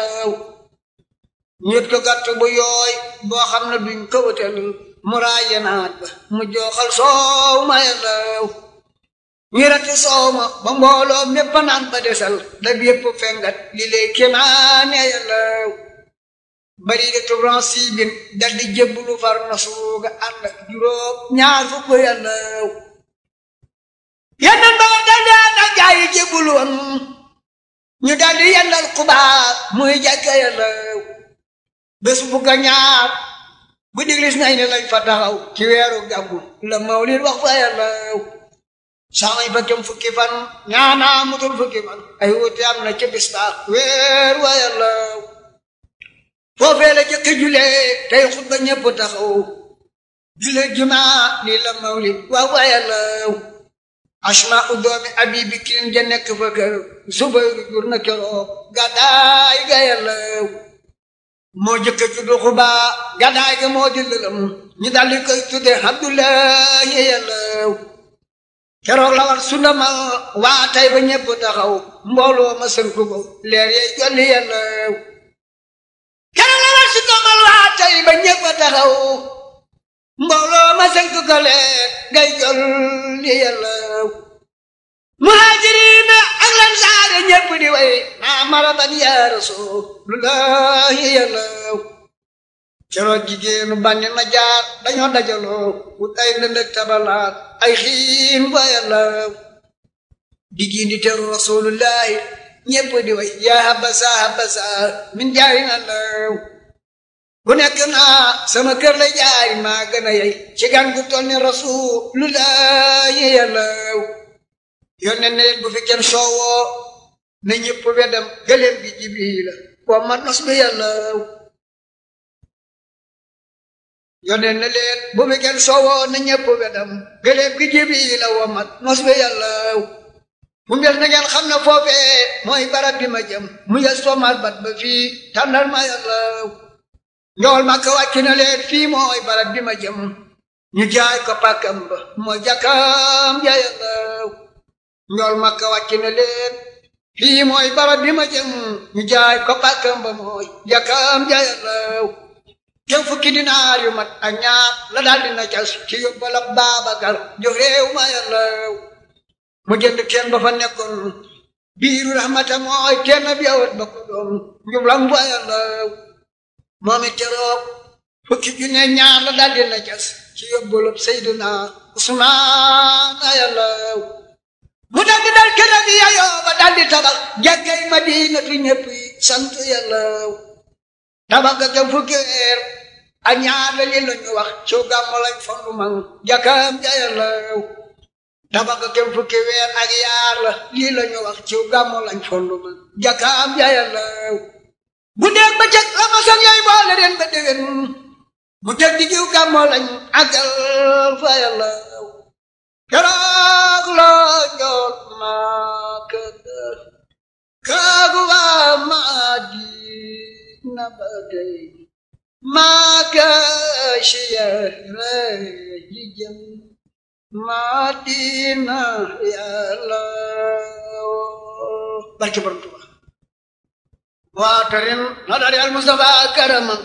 ñët ko gàtt bu yooy boo xam ne duñ ko wëtal mu raayanaat ba mu jooxal soow ma yàlla ñi rati sooma ba mbooloo mépp naan ba desal dab yépp fengat li lay kéemaane yàllaw bari de turan siibin dal di far na suuga ànd juróom ñaar fukk yàllaw yennan bala dal di ànd ak gaa yi ñu dal di yendal muy jàkka yàllaw bés bugga ñaar bu diglis nay ne lañ fa taxaw ci weeru gàmmu la mawlid wax fa yàllaw saanañfakem fukki fan ñaanaa mutul fukki fan ay wuute am na ci bistaar weer wa yàlla foofee la ci xijulee tey xutba ñëpp taxaw jule jumaa ni la mawlid wa yàlla asma doomi abi bikrin ja nekk fa kër subayru jur na keroog gàddaay ga yàlla moo jëkk juddu xubaa gàddaay ga moo di lëlam ñu daldi koy tudde abdullahi yàlla keroog la war sunda ma waa ba ñépp taxaw mbooloo ma sënku ko leer yey jolli yellew keroog la war sunda ma waa ba ñépp taxaw mbooloo ma sënku ko leer day jolli yellew muhaajiriina ak lansaar ñépp di way maa maradan yaa rasuulullaahi yellew keroog jigéenu bànni na jaar dañoo dajaloo wut ay lëndëg tabalaat ay xiin ba yàlla diggi ndi teru rasulullahi ñépp di way yaa habasa habasa min jaari na law nekk naa sama kër la jaari maa gën a yey ci gan gu toll ni rasulullahi yàlla yónnee na bu fi kenn soowoo na ñépp wedam gëléem gi jibrila wa man nas bi yàlla yónnee na leen bu fi kenn soowoo na ñëpp wedam gëléem gi jibi la womat nos bi yàlla mu mbes na ngeen xam na foofee mooy barab bi ma jëm mu yes soomaat bat ba fii tàndal ma yàlla njool màkk wàcc na leen fii mooy barab bi ma jëm ñu jaay ko pàkkam ba mooy jàkkam ja yàlla njool màkk wàcc fii mooy barab bi ma ñu jaay ko pàkkam mooy jàkkam ja te fukki dinaar yu ma ak la daal dina cas ci yóbbal Baabakar jox réew ma yàlla mu jënd teen ba fa nekkoon biiru rahmata mooy teen ab yawat ba ko doon um, njublam ba yàlla moom it teroog fukki junne la daal dina cas ci yóbbal ab Usmaan yàlla mu daal di dal këram ya yooba daal di tabax jàkkay Madinatu ñëpp sant yàlla tabax ga fukki weer ak ñaar la leen ñu wax su gàmmu lañ fondu man jakaam jayalaw tabax ga fukki weer ak yaar la lii la ñu wax su gàmmu lañ fondu man jakaam jayalaw bu dee ba cëg la ma yay boole den ba déwén mu cëg di jiw gàmmu lañ agal fa yalaw keroog la njool maa këgër kaagu waa maa di نبتي ما كاشية رجم ما دينا يا الله بركة بركة واترن هذا يا المصطفى كرما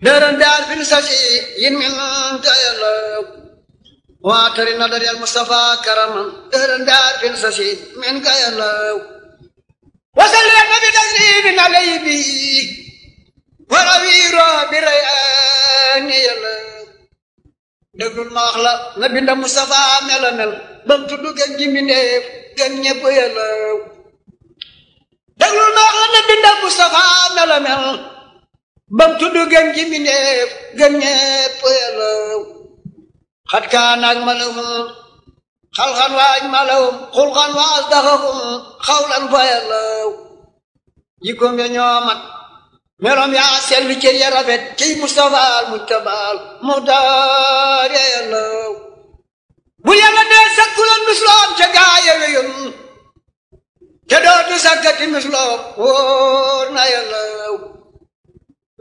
دارن دار في السجي ينمن تيلو واترنا دري المصطفى كرما درن دار في السجي من كيلو وسلم بتسليم عليه warawiiro bi rey aani yàlla déglul ma la na binda Mustafa mela mel bam tudd gën ji mbindeef gën ñëpp yàlla déglul ma la na binda Mustafa mela mel bam tudd gën ji mbindeef gën ñëpp yàlla xat kaanaag malahum xalxan wa ajmalahum xulxan wa asdaxahum xawlan fa yàlla jikkoom ya ñoo meloom yaa sel wi cër ya rafet ciy mustafaal mujtabaal muxtaar ya yàllaw bu yàlla dee sakkuloon misloom ca gaaya weyum te dootu sakkati misloom wóor na yàllaw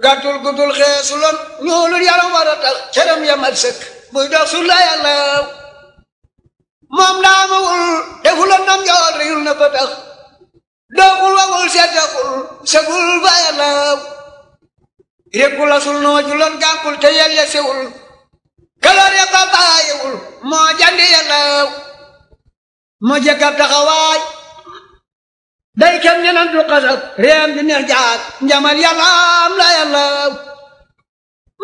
gàttul guddul xeesuloon ñuulul yaram war a tax cëram ya mat sëkk buy dox su la yàllaw moom daamawul defuloon nam njool reyul na ba dawul wawul seddagul segul bayalaaw rékkul asul noo juloon gànkul te yelle sewul kaloor ya ba bàyyiwul moo jandi yallaaw moo jëkkab taxawaay day kem ñeneen du xasab réem di neex njamal yàllaam la yallaaw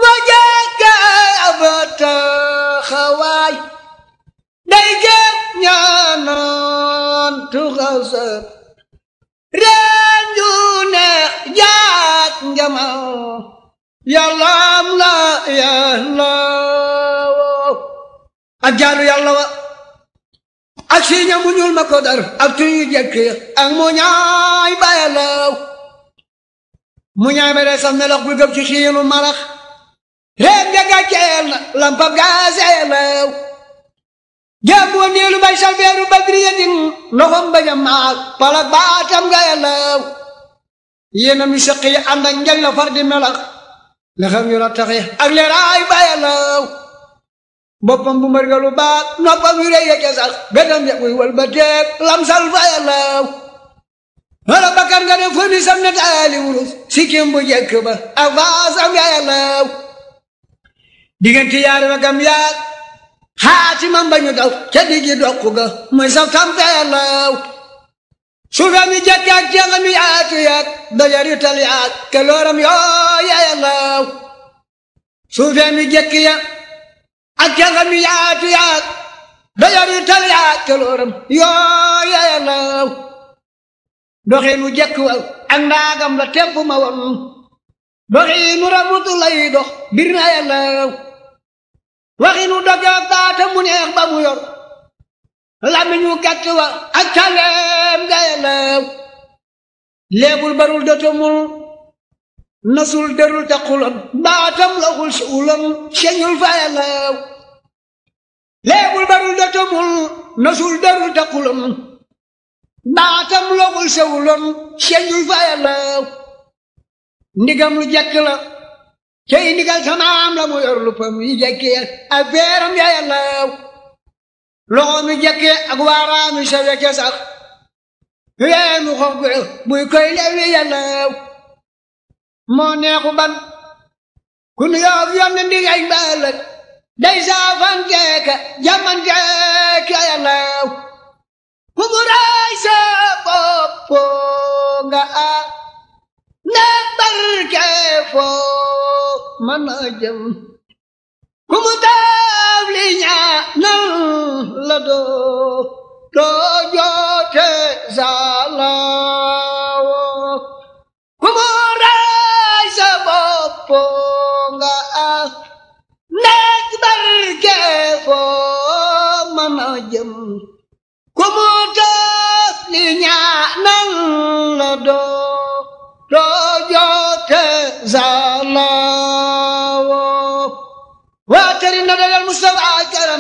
moo jëkkab taxawaay day kem ñeneen du xasab renjune jaak njamal yàllaam la yàllaawo ak jaalu yàlla ak siiña mu ñuul ma ko dar ak tuyu jekk ak mu ñaay ba yàllaaw mu ñaay ba day sam ne lox bi gëb ci xiinu marax reen ga gàcceel na lampab gaasee leew jàppoo néelu bay salfeeru badriyatin loxom ba ja palak baatam nga yàllaw yéenam yu sëq yi ànd ak la far di melax lexam yu rattaxi ak leeraay ba yàllaw boppam bu mërgalu baat noppam yu rëy yëcce sax gëtam ja buy wal ba teeg lam sal fa yàllaw wala bakkan nga def fëni sam ne taali wurus sikkim bu jekk ba ak faasam nga yàllaw diggante yaari magam yaar xaatimam ba ñu daw ca diggi dokku ga muy saw tampeelaw suufami jëkk ak jangam yaatu yaag dajari tal yaag ke looram yooyeelaw suufami jëkk ya ak jangam yaatu yaag dajari tal yaag ke looram yooyeelaw doxiinu jëkk wa ak ndaagam la tepp ma woon doxiinu ramutu lay dox bir na yelaw waxinu doge baata mu neex ba mu yor lamiñu gàtt wa ak caleem gayeleew léebul barul dotomul nasul derul taquloon baatam laxul suuloon señul fayeleew léebul barul dotomul nasul derul taquloon baatam laxul sewuloon señul fayeleew ndigam lu jekk la cey ndigal samaam la mu yor luppam yi jekkee ak feeram ya yàllaw loxo mi jekkee ak waaraam yi sewe ca sax yeenu xof gu muy koy lew yi yàllaw moo neexu ban ku nu yoog yoon na ndigay mbaalak day saafan jeeka jaman jeek ya yàllaw ku mu raay sa man a jëm ku mu taab li ñaanal la doo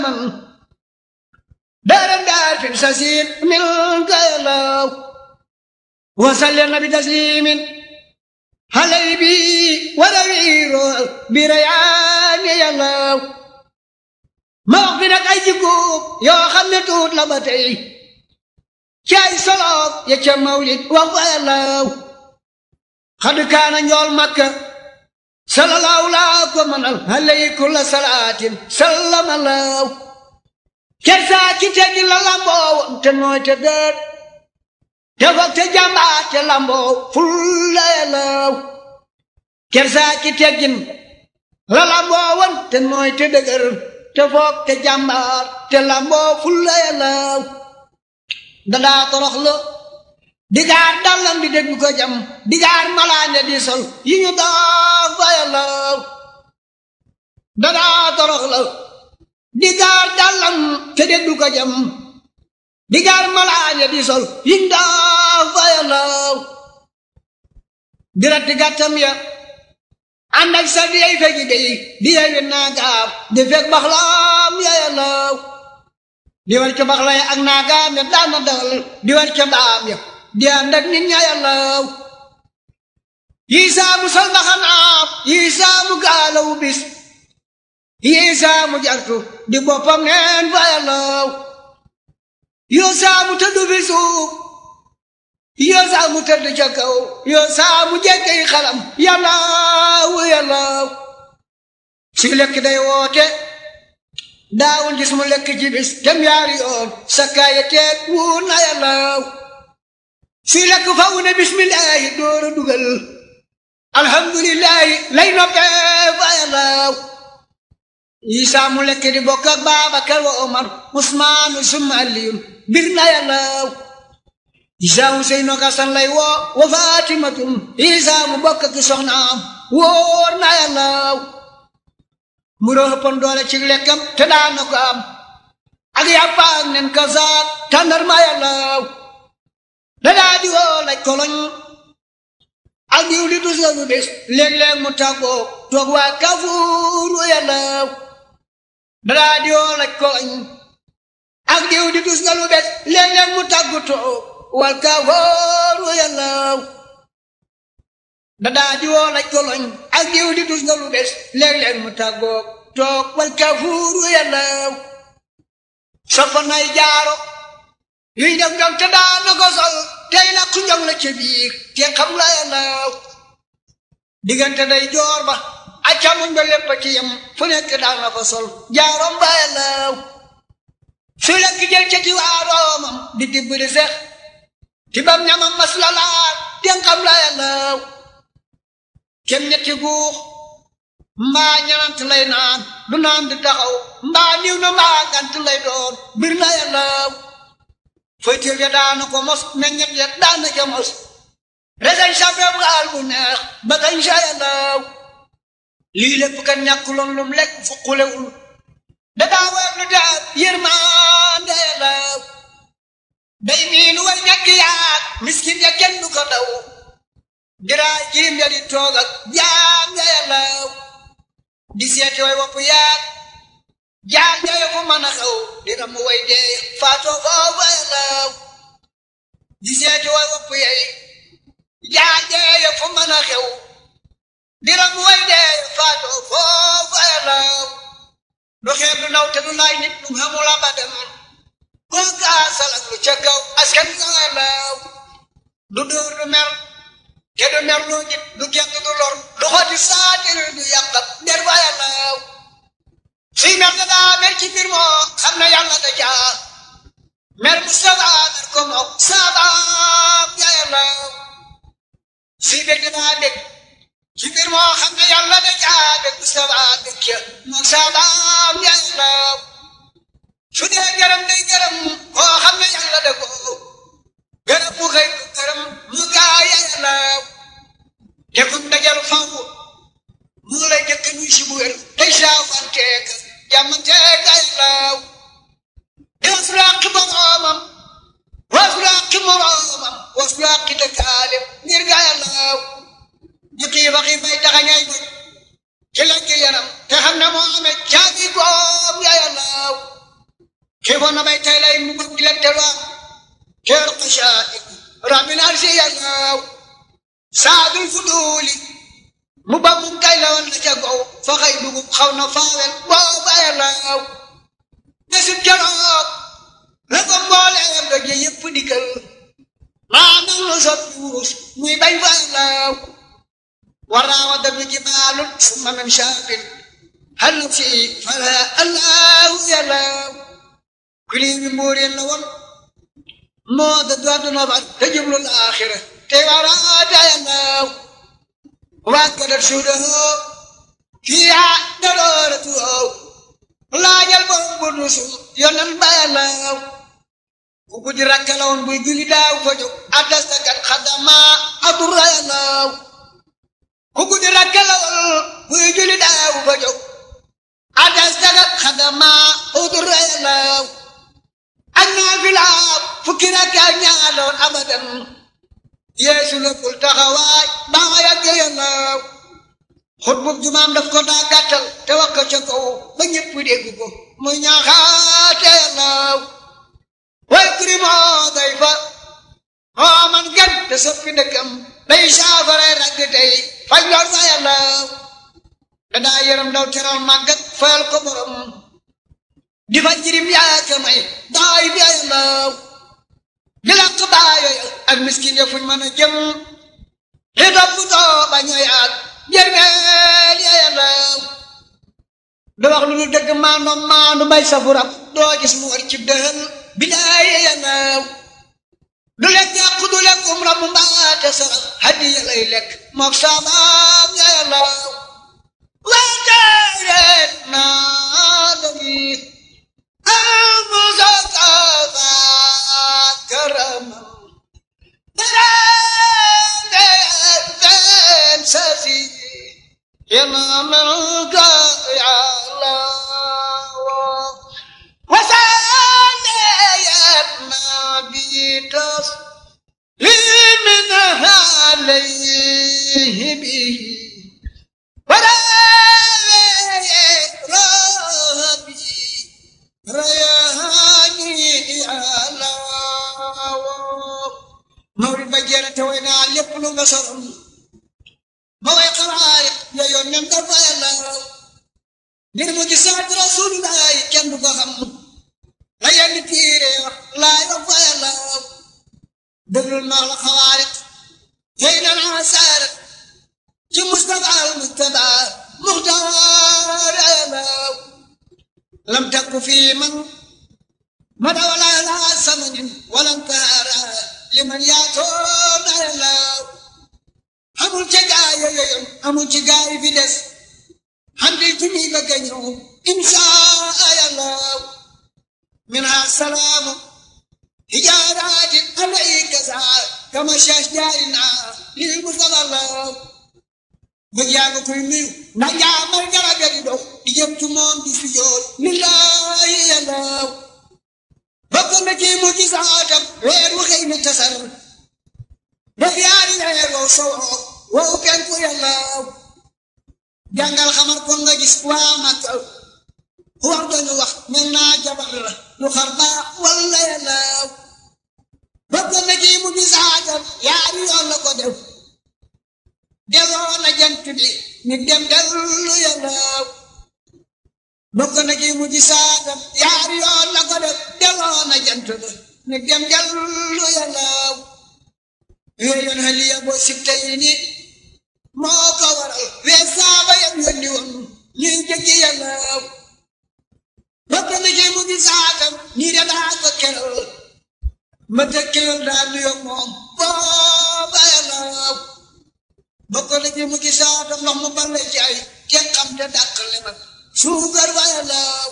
من دار دار في السسير منك يا الله وسلم بتسليم هلي بي وروير بريان يا الله ma wax fi nag ay jikkoom yoo xam ne tuut la ba tey ci ay solof ya ca mawlid wax ko yàllaaw xadu kaana njool makka sallallahu laa ko mënal aleyku la salaatin la lamboo te nooy te dër te foog te jàmbaar te lamboo fullee laaw kersaa ki tegin la lamboo te nooy te dëgër te foog te jàmbaar te lamboo fullee laaw dadaa torox la digaar dallam di déglu ko jam digaar malaane di sol yi ñu daa fayalaw dadaa torox la digaar dallam te déglu ko jam digaar malaane di sol yi ñu daa fayalaw di ratti gàttam ya ànd ak sa vieey fegi dey di yewi naagaab di fekk baxlaam yayalaw di war ca baxlay ak naagaam ya daana dal di war ca baam ya di ànd ak nit ña yàllaaw yiisaa mu sol mbaxanaam yiisaa mu gaalawu bis yiisaa mu jartu di boppam neen fa yàllaaw yoosaa mu tëdd fi suuf yoosaa mu tëdd ca kaw yoosaa mu jéggey xalam yàllaaw yàllaaw si lekk day woote daawul gis mu lekk ci tem yaari yoon sa kaye teeg wuur fii lekk faw ne bismillaahi door dugal alhamdulillaahi lay noppee fa yallaaw Isaa mu lekk di bokk ak Baabakar wa Omar Usmaanu summa Aliyun bir na yallaaw Isaa mu sey noog Asan lay wa Faatimatun Isaa mu bokk ak wóor na yallaaw mu doo hëppoon doole ci te daana ko am ak yàppa nen kazaat tàndar ma yallaaw dadaa di woo laj koloñ ak diw li du seenu bés léeg-léeg mu tàggoo toog waa kafuur yannaaw dadaa di woo laj koloñ ak diw di nga lu bés léeg-léeg mu tàggu too wal kafooru yannaaw dadaa di woo mu tàggoo toog nay jaaro yuy def njog te daana ko sol tey nag su njog la ci biir te xam la ya naaw diggante day joor ba accamuñ ba lépp ci yem fu nekk daana ko sol jaarom ba ya naaw su lekk jël ca ci waaroomam di di sex ti bam ñamam mas la laar ya naaw kem ñetti guux mbaa ñanant naan du naan di taxaw mbaa niw na mbaa ngant doon bir ya naaw fëytir ya daanu ko mos meññet ya daana ja mos resañ sa feeb gaal bu neex ba gañ saya daaw lii lépp kan ñàkkuloon lum lekk fu xulewul da daa weer lu daab yërmaan daya daaw day miin way ñàkk yaak miskin ya kenn du ko daw diraay jiim ya di toog ak jaam daya daaw di seeti way wopp yaak jaar jaay mu mën a xaw dina mu way dee faatoo foo way xaw di seeti way wopp yey jaar jaay fu mën a xew dina mu way dee faatoo foo way xaw lu xeeb du naw te du naay nit lu xamul abadan boo gaa salak lu ca kaw askan nga laaw du dóor du mer te du mer loo jit du gett du lor du xotti saatir du yàqab der waaye laaw fii mer da daa mer ci mbir moo xam na yàlla da jaar mer mu sabaa ko moom sabaa yàlla fii bég da daa bég ci mbir moo na yàlla da jaar bég mu sabaa bég xam na yàlla da ko gërëm mu xëy gërëm mu gaa yàlla nekkum dajal faw mu la jëkk ñu si bu wér tey saafanteeg jàmmanteeg ay laaw def làqi moroomam was làqi moroomam was làqi dëkkaale ngir gaay laaw ñu xiiba xiib may taxañay bët ci lañ ci yaram te xam na moo amee caabi goom gaay laaw xiiboon na may tey lay mu bëgg di leen delluwaat teer ko saa rabbi naar si yàllaaw saadul fuduuli mu ba mu gay la woon la ca gow fa xëy dugub xaw na faawel boo bàyyi laaw ne si janoog la ko mbooleem doj yi yëpp dikkal maa mel lu sot wurus muy bay faay laaw war naa wa dadu ci baalul summa min shaaqin hal si fala allahu ya laaw kulii bi la woon moo dadu àdduna far ya laaw وأكدت شهده فيها دلالته laa jal borom bu dusu yonan baya laaw bu guddi rakkalawoon buy julli daaw fa jóg addastakat xadama aduraya laaw bu guddi rakkalawoon buy julli daaw fa jóg addastakat xadama aduraya laaw ak naa fi laaw fukki rakka ñaaloon abadan yeesu léppul taxawaay baay ak yeyannaaw xutbub jumaam daf ko daa gàttal te wax ko ca kaw ba ñëpp ko muy ñaaxaate yannaaw way kuri moo day fa moo man te soppi dëkkam bay saafaray ragg tey faj lor sa yannaaw dadaa yaram daw teral màggat fayal ko borom di fa jirim yaaka may daay bi yannaaw di la tubaayo ak miskin ya fuñ mën a jëm di topp too ba ñooy ak njërmeel ya yalaw du wax lu dul dëgg maandu maandu bay safu rab doo gis mu war ci dëhëm bilaay ya yalaw du lekk yàq du lekk um rab mbaate sarab hadiya lay lekk mook saabaam ya yalaw waa taareet naa dogi am mu yaramal ساسي ينامك يا الله وسانيت ما بيتس لمن عليه به ربي رياني على mawrid ba jeena te way naa lépp lu nga sorom ba way xaraay ya yoon nem dafa yàlla mbir mu gis saat rasulullaay kenn du ko xam la yenn tiire laay dafa yàlla déglul ma la xawaarit tey na naa saar ci mustafa al mustafa muxtaar lam takku fii man مدى ولا لا ثمن ولا انتهى لمن ياتون الله amul ci gaay amul ci fi des xam di junni la ga min asalaam hijaaraati alayka saa kama shash jaarina lil musallallahu bëgg yaa nga koy nuyu na jaamal garab ga di dox di jëm ci moom di bokk na ci mu ci saxaatam weer wu xëy na tasar def yaari weer wow sow wow penku yàlla jàngal xamar kon nga gis waa màkk war dañu wax mel naa jabar lu xar baa walla yàlla bokk na ci mu ci saxaatam yaari yoon la ko def deroon na jant bi ñu dem dellu yàlla bokk na ci mujj saatam yaar yoon la ko def delloo na jant ba ne dem dellu yalaaw yooyoon haliya boo sitta yi ni moo ko waral wee saaba yam yónni woon liy jëkki yalaaw bokk na ci mujj saatam nii de daa ko keral ma dëkkeel daa nuyoo moom booba yalaaw bokk na ci mujj saatam ndox mu bare ci ay kenn te dàq li suukar waaye laaw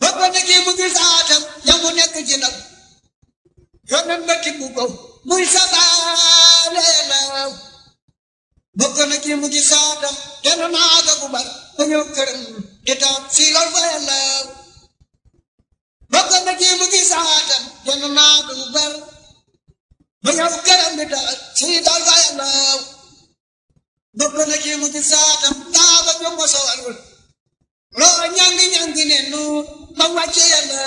ba ba nekkee mu ngi xaatam ña mu nekk ci ndam yonen ba tibb ko muy sabaale laaw mu ngi xaatam kenn naa ko gubar ba ñëw laaw ba ba nekkee mu ngi xaatam kenn naa ko gubar ba ñëw këram di taam siilal laaw ba ba nekkee mu ngi xaatam daa ba ñëw ko looro ñangi ñangi ne nu ma wàcce yàlla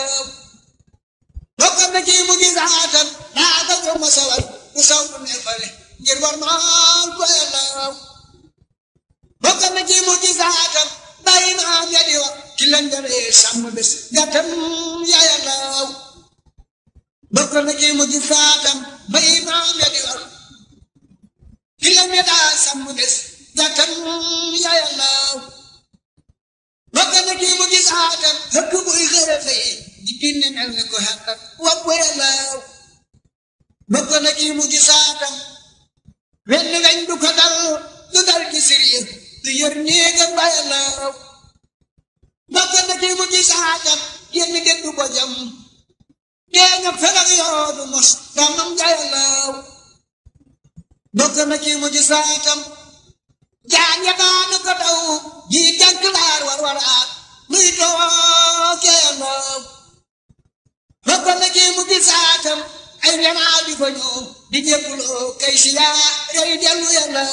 bokk na ci mu ngi saatam naa ka jox ma sawar saw bu ne fale ngir maal ko ya yàlla bokk na ci mu ngi saatam bàyyi naa ña di wax ki lan jaree sàmm bés ya yàlla bëgg na kii mu gis aadam bëgg buy xërëfee di ko xàqat wax ko yàlla bëgg na kii mu du ko dal du dal ci siriya du yor ba yàlla bëgg na kii du ko jam dee felag yoodu mos damam ga yàlla bëgg na kii jaan ya daanu ko daw ji jànk daar war waraat luy tookee moom rokko na ji mu gis saatam ay nganaaw di ko ñëw di jébbuloo kay si yaa yooyu dellu yàlla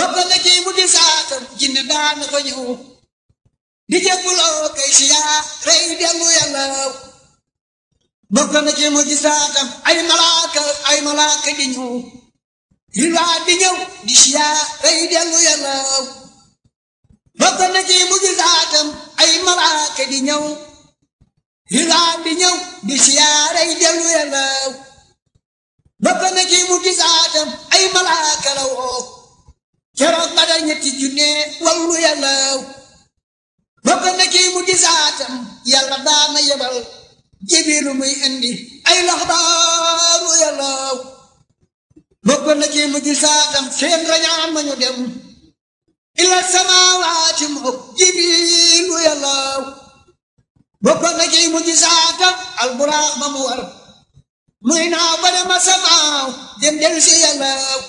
rokko na ji mu gis saatam jinne daanu ko ñëw di jébbuloo kay si yaa yooyu dellu yàlla bokk na ci mu gis saatam ay malaaka ay malaaka di ñëw riwaa bi ñëw di siyaa rey dellu yàllaaw bokk na ci mujjizaatam ay malaaka di ñëw riwaa bi ñëw di siyaa rey dellu yàllaaw bokk na ci mujjizaatam ay malaaka la woo keroog bada ñetti junne wallu yàllaaw bokk na ci mujjizaatam yàlla daana yebal jibilu muy indi ay laxbaaru yàllaaw bëgg na ci mujj seen rañaan ma dem ila samaawaati mook jibiilu yàllaaw bëgg na ci mujj saatam alburaax ma mu war muy ma samaaw dem del si yàllaaw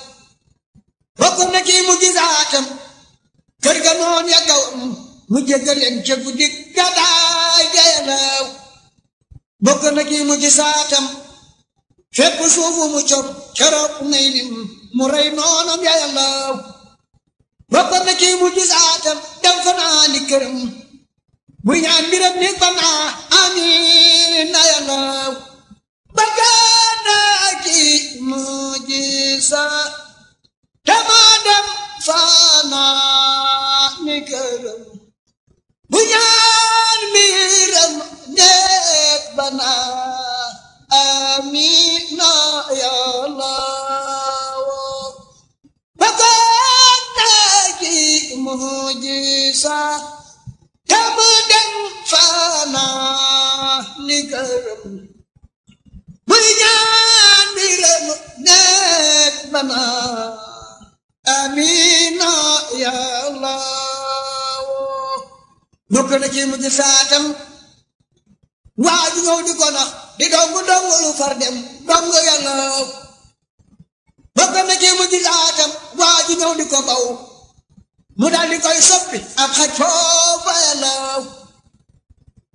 bëgg na ci mujj saatam kër ga noon ya gaw mu jéggaleen ca guddi gadaay na ci mujj fépp suufu mu jot keroog nay nim mu rey noonam ya yàlla bokkoon na ci mu gis aatam dem ni këram bu ñaan mbiram ni fa naa amiin na yàlla bagana ki mu gisa dama dem fa ni këram bu ñaan mbiram nekk ba naa amina ya Allah bataaki mujisa kam dem fana ni gërëm muy ñaan bi leen nekk bana amina ya Allah bokk na ci mujisaatam waa ju ñëw di ko nax di dong dong lu far dem dong ya naaw bokk mu gisaatam waa ju ñëw di ko baw mu daal di koy soppi ab xaj foofa ya naaw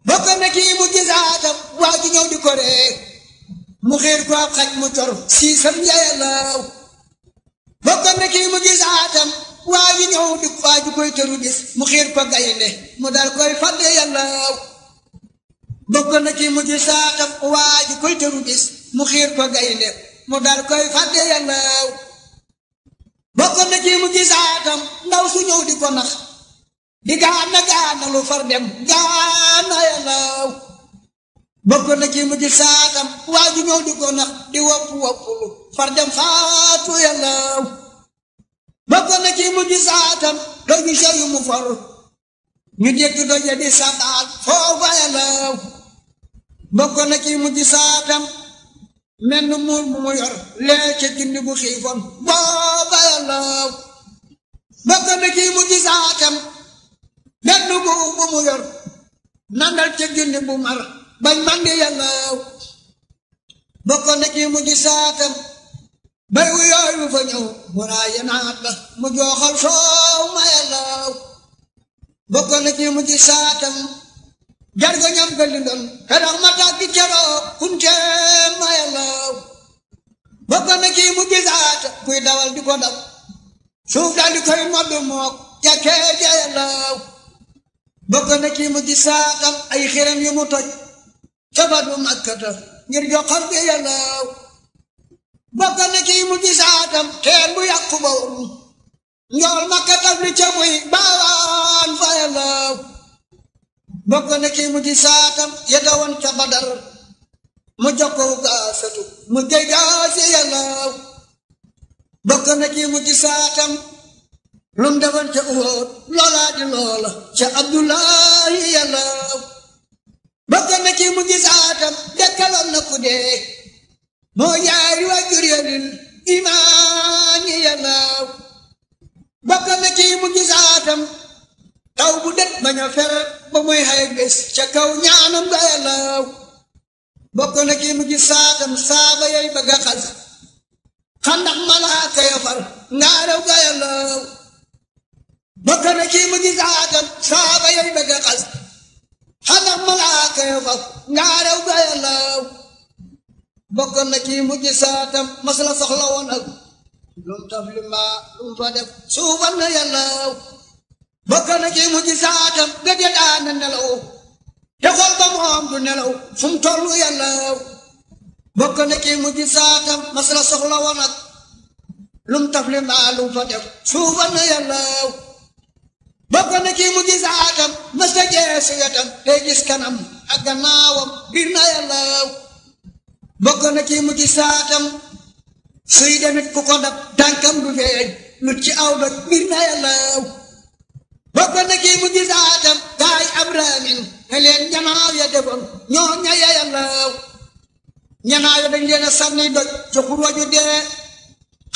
bokk na ci mu gisaatam waa ju xiir ko ab xaj mu tor siisam ya ya naaw mu gisaatam waa ju ñëw di waa ju koy tëru gis mu xiir ko gaynde mu daal koy fàtte ya naaw bokk na ci saatam waaju koy tëru bis mu xiir ko gaynde mu dal koy su ñëw far dem gaana yannaaw bokk na ci saatam waaju ñëw di ko nax di wopp wopp far dem faatu yannaaw bokk na ci saatam doju seyu mu faru ñu dégg doje di sabaal foo fa bokk na ci mujj saatam menn lee ca junni bu xiifoon booba yàllaaw bokk na ci mujj saatam menn muur bu mu yor nandal ca junni bu mar bañ mandi yàllaaw bay wu yooyu fa ñëw mu la mu soow ma yàllaaw bokk na ci jargo ñam gallindol te dox ma tàbbi ceroo kunteem ma yàlla bokkoon na kii mu gisaat kuy dawal di ko daw suuf daal di koy mook jakkee ja yàlla bokkoon na kii mu gisaatam ay xiram yu mu toj sabadu makkata ngir joxar bi yàlla bokkoon na kii mu gisaatam teen bu yàqu ba woon njool makkata li ca muy fa yàlla bokk na kii mu di saatam yedda woon ca badar mu jokkoo gaasatu mu jey gaasi yàllaaw bokk na kii mu saatam lum defoon ca uhood loolaa di loola ca abdullahi yàllaaw bokk na kii mu di saatam dekkaloon na ku dee moo yaari wa jur yalil imaani yàllaaw bokk na kii mu saatam taw bu det bañ a fer ba muy xay bés ca kaw ñaanam ga yàllaaw bokk na kii mu saatam saaba yay bëgg a xas malaaka ya far ngaaraw ga yàllaaw bokk na na kii mu saatam mas la soxla woon ak lum taf li maa lum bokk na ci mujj saatam gëj a daana nelaw te xol ba moom du nelaw fu mu toll yàlla na ci mujj saatam mas la soxla woon lum tafli mbaa lum fa def suufa na yàlla bokk na ci mujj saatam mas la jee si wetam te gis kanam ak gannaawam bir na yàlla bokk na ci mujj saatam suy demit ku ko dab tànkam du feeñ lu ci aw doj bir na yàlla bokk na kii mu aadam gaay abraamin ne leen ñanaaw ya defoon ñoo ñaye yàllaaw ñanaaw ya dañ leen a sànni doj ci xurwa ju dee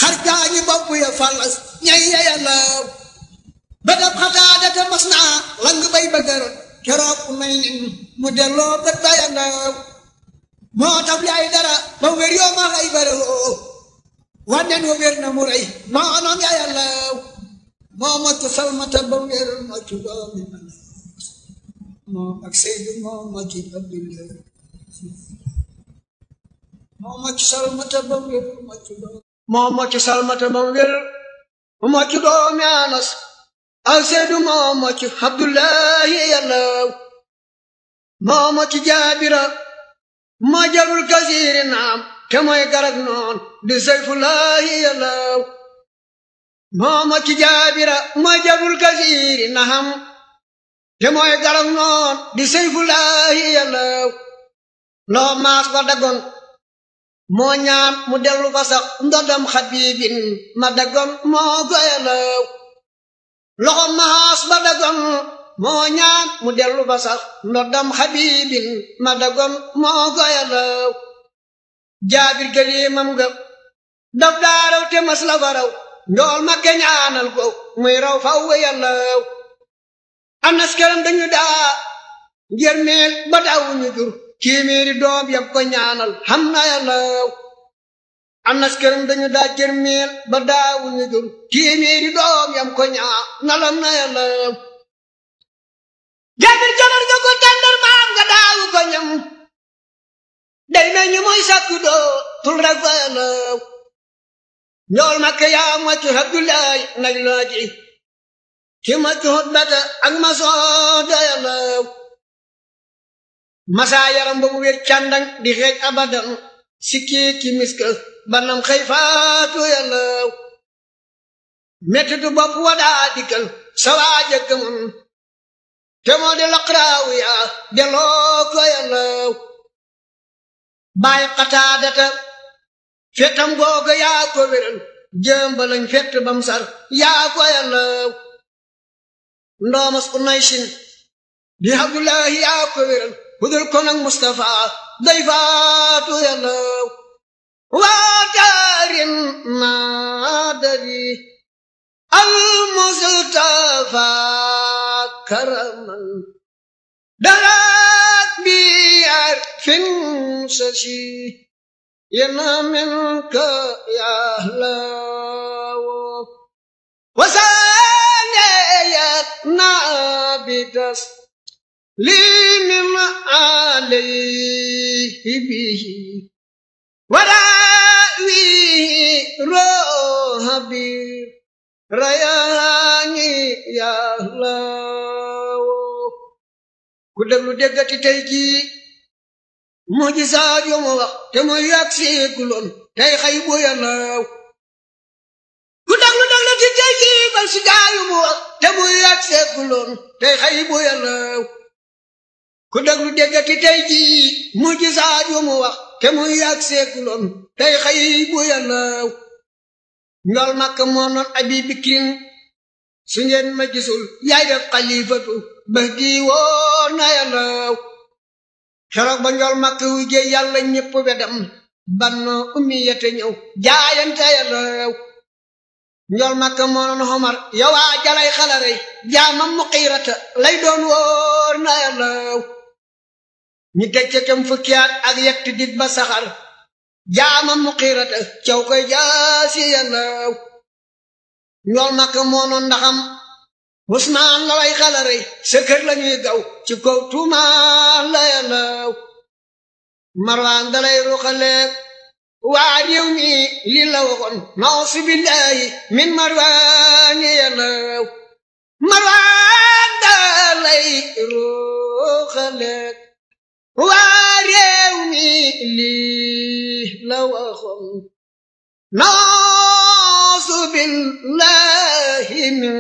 xar gaañi bopp ya falas ñaye yàllaaw ba dab xataada te mas naa lang bay bëggaroon keroog may nin mu delloo bët ba yàllaaw moo tab yaay dara ba wér yoo ma lay bare woo wànnen wa wér na mu rey moo noon ya yàllaaw moomat salmata ba weer matu doomi man ak Seydu moomati Abdullahi moomat salmata ba weer matu doomi moomat salmata ba te mooy garag noon di Sayfullahi yàllaw mooma ci jaabira mooy jabul kasiiri naham te mooy garab noon di seyfulaahi yàllaw loo maas ba dagon moo ñaan mu dellu fa sax ndodam xabiibin ma dagon moo ko yàllaw loxo maas ba dagon moo ñaan mu dellu fa sax ndodam xabiibin ma dagon moo ko yàllaw jaabir gëliimam ga daf daaraw te mas la njool ma geñaanal ko muy raw faw yàllaw anaskeram dañu daa njërmeel ba daawuñu jur téeméeri doom yam ko ñaanal xam na yàllaw anaskeram dañu daa njërmeel ba daawuñu jur téeméeri doom yam ko ñaanalam na yàllaw jabir jabar nga ko tàndar maam nga daawu ko ñam day mel ni mooy sàkku doo tul rek fa yàllaw ñool makka yaa maccu Abdullaay nag looji ci maccu hutbata ak masoo doyalaw masaa yaram ba mu wér di xeej abadan sikki ki banam xëy faatu yalaw mettitu bopp wadaa dikkal sawaaja gëmam te moo di laqraawu yaa delloo ko yalaw baay qataadata fettam googa yaa ko wéral jëmbalañ fett bam yaa ko yàllaw ndoomas unaysin di abdullahi yaa ko wéral hudul ko nag mustafa day faatu yàllaw waataarin naadari al mustafa karaman daraat bi ar fin ينا منك يا هلاو وسانيتنا بتسليم عليه به وراويه روحبي رياني يا هلاو ku déglu déggati tey jii mu gisaat yu mu wax te mu yàgg seekuloon tey xay bu ku daglu daglu ci tey jiibal si gaa mu wax te mu yàgg seekuloon tey xay bu ku daglu déggati tey jii mu gisaat mu wax te mu yàgg seekuloon tey xay bu njol makk moo noon abi bikirin ma gisul yaay def xalifatu ba di woon keroog ba njool màkk wu jéey yàlla ñépp wedam banno ummi yete ñëw jaayante yàlla njool màkk moo noon xomar jalay xalare jaamam mu xiirata lay doon wóor na yàlla rew ñi teg ca kem ak yetti dit ba saxar jaamam mu xiirata caw koy jaasi yàlla njool màkk moo ndaxam Usmaan la way xalarey sa kër la yalaw marwaan dalay ruxaleeg waa réew la waxoon nausu billaahi min marwaan yalaw marwaan dalay ruxaleeg waa li la waxoon nausu billaahi min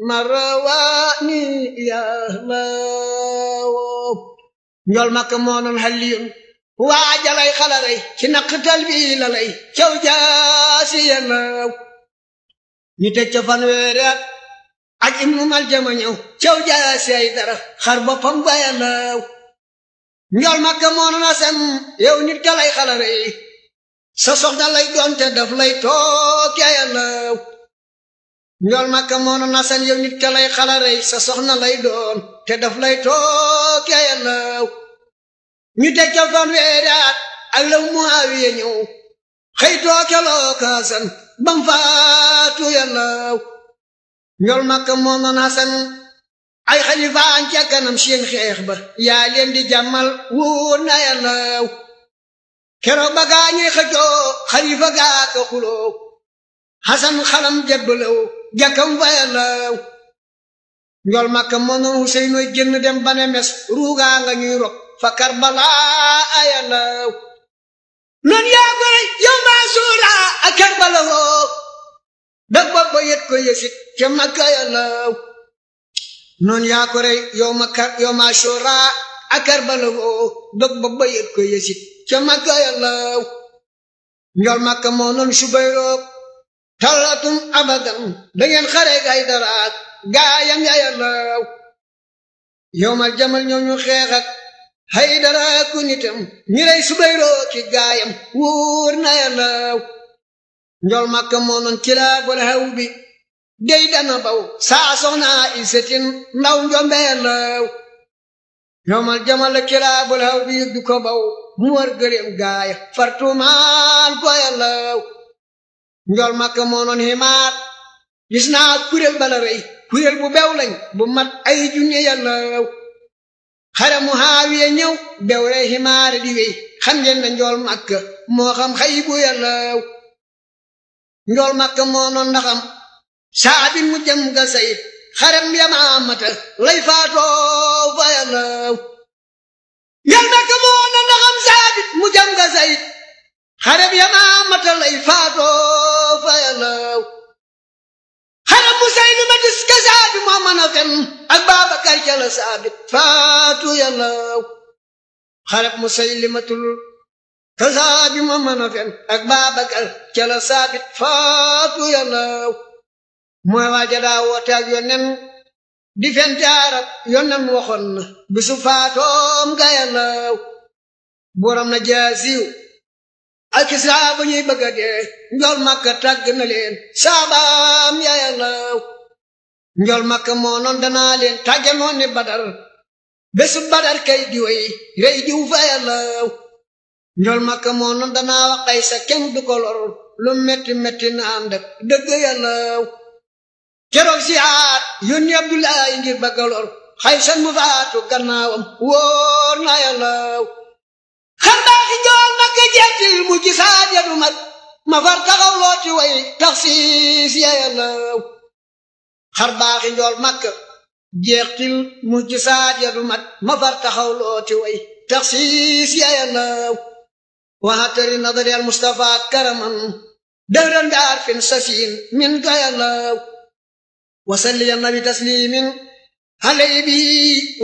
مرواني يا الله نيول مك مون حليون واجلي خلري ci naq talbi la lay caw jaasiya naaw ñu teg ca fanweeri at ak ibnu maljama caw jaasiya ay dara xar boppam baya naaw njool makk moonu na sem yow nit ka sa soxna lay doonte daf lay toog ya naaw njool makka moonu nasan yow nit ka lay xalarey sa soxna lay doon te daf lay tooke yàllaaw ñu teg ca fanweeri at ak law Muawiya ñëw xëy tooke loo kaasan bam faatu yàllaaw njool makka moonu nasan ay xalifaan ca kanam seen xeex ba yaa leen di jàmmal wóor na yàllaaw keroog ba gaa ñuy xalifa gaa ka xuloo xasan xalam jëbbalew jàkkam fayalaw njol makka moo noon Huseynu génn dem bane mes ruugaa nga ñuy rok fa Karbala ayalaw noon yaa gore yow maa suura a Karbala woo dag boppa yët ko yësit ca makka ayalaw noon yaa gore yow ma suura a Karbala woo dag boppa yët ko yësit ca makka ayalaw njol makka moo noon Subayrook talatum abadan dangeen xareeg ay daraak gaayam yaya laaw yowmal jamal ñoo ñu xeex ak hay daraaku nitam gaayam wóor na ya njol makka moo noon haw bi dey baw saa soxnaa isetin ndaw njombe ya laaw yowmal jamal haw bi yëgdu baw mu war gëreem gaaya fartumaan ko ya laaw njool màkk moo noon ximaar gis naa kuréel bala rëy kuréel bu bew lañ bu mat ay junne yàlla xare mu xaawiye ñëw bew rey ximaare di wéy xam ngeen na njool màkk moo xam xayi bu yàlla rew njool màkk moo noon ndaxam saa bi mu jëm ga sayit xarem yamaamata lay faatoo fa yàlla rew njool màkk moo noon ndaxam saa mu jëm ga xarab yamaamata lay faatoo fa yalaw xarab bu saydu ba dis ka saabit moo mën a fen ak Baabakar ca saabit faatu yalaw xarab musaylimatul ka saabit moo fen ak Baabakar ca saabit faatu yalaw mooy waaja daa yonen di fen yonen waxoon na bisu faatoom ga yalaw borom na jaasiw alkisraa ba ñuy bëgga dee njool makka tàgg na leen saabaam yaayalaw njool makka moo noon danaa leen tàgge noon badar bésu badar kay di rey diw fa yalaw njool makka moo noon danaa waxay sa kenn du ko lu metti metti na ànd ak dëgg yalaw keroog si aat yónni abdulaay ngir bëgga lor xay san mu faatu gannaawam wóor na yalaw xanaa i joor naka jeexil mu gisaat ya du mat ma far taxaw loo ci way tax siis yeyalaw xar baaxi njool màkk jeexil mu gisaat ya du mat ma far taxaw loo ci way tax siis yeyalaw waatari nadariyal Mustafa karaman dëwran bi arfin safiin min gayalaw wasalliyan nabi taslimin halay bi